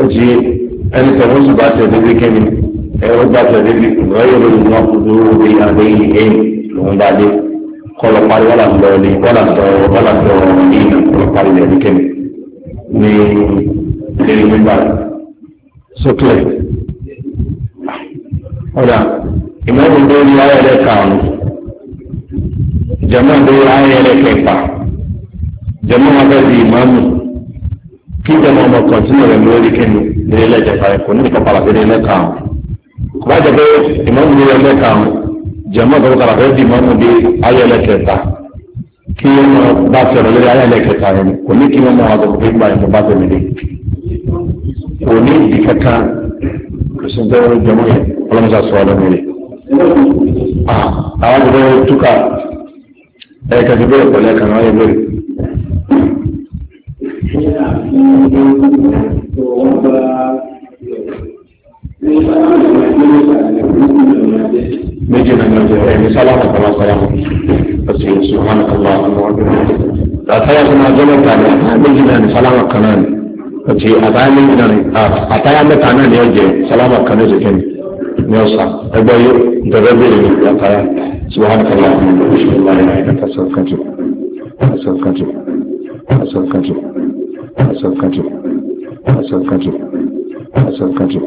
Speaker 2: ó ti ẹni tẹ̀wọ́n sì bá tẹ̀lé bí kẹ́mi ẹ̀rọ bá tẹ̀lé bí lọ́yọ̀ lórí náà kò tó rí adé yìí ẹ̀ lòún bá dé kọlọ parí wọ́n là ń lọ ní wọ́n là ń lọ wọ́n là ń lọ ní ìlú parí rẹ̀ bí kẹ́mi ní ilé ìgbà sókè ọ̀dà ìmọ̀lù lórí ayẹyẹ karùn-ún jẹ̀mọ́ lórí ayẹyẹ kẹfà jẹ̀mọ́ wọn fẹ́ di ìmọ̀lù kí jẹ̀mọ́ ọmọ kọ̀ntínú rẹ̀ lórí kẹ́nu lórí ẹlẹ́jẹ̀fà ẹ̀kọ́ ní ìkọ̀pàlà fẹ́ lórí ẹlẹ́karùn o kọ́bá jẹ́ pé ìmọ̀lù lórí ẹlẹ́karùn-ún jẹ̀mọ́ ìkọ̀pàlà fẹ́ di ìmọ̀lù bí ayẹyẹ kẹfà kí wọn bá sọ̀rọ̀ lórí ayẹyẹ kẹfà rẹ̀ kò ní kí wọn mọ àwọn àgbẹ̀ gbà ẹ̀kọ́ bá tẹ̀lé kò ní ìdí kankan kò sí ń tẹ́wọ́ jẹmọ́ yẹn ọlọ́mọṣà sọ ọlọ́mọ yẹn. Ah, àwọn ti bẹ́ẹ̀ túkà ẹ̀ka ti bẹ́ẹ̀ pẹ̀lú ẹ̀ka náà yẹ bẹ́ẹ̀. méjì náà ní ọjọ́ ẹ̀mí sálámù kọ́lá sálámù ọ̀sẹ̀ oṣù hàn kọ́lá ọ̀gbọ̀n. àtàyà tó máa jẹ́ mẹ́ta ní àtàyà méjì náà ní sálámù kan náà ní ọ̀sẹ̀ àtàyà méjì náà ní àtàyà mẹ́ta náà ní ọjọ́ sálámù kan ní ọjọ́ kẹ́mi. ní ọ̀sán ẹgbẹ́ yóò dọ̀rọ̀ bèrè ní ìyàtara subahana kala asalkantu asalkantu asalkantu asalkantu asalkantu asalkantu.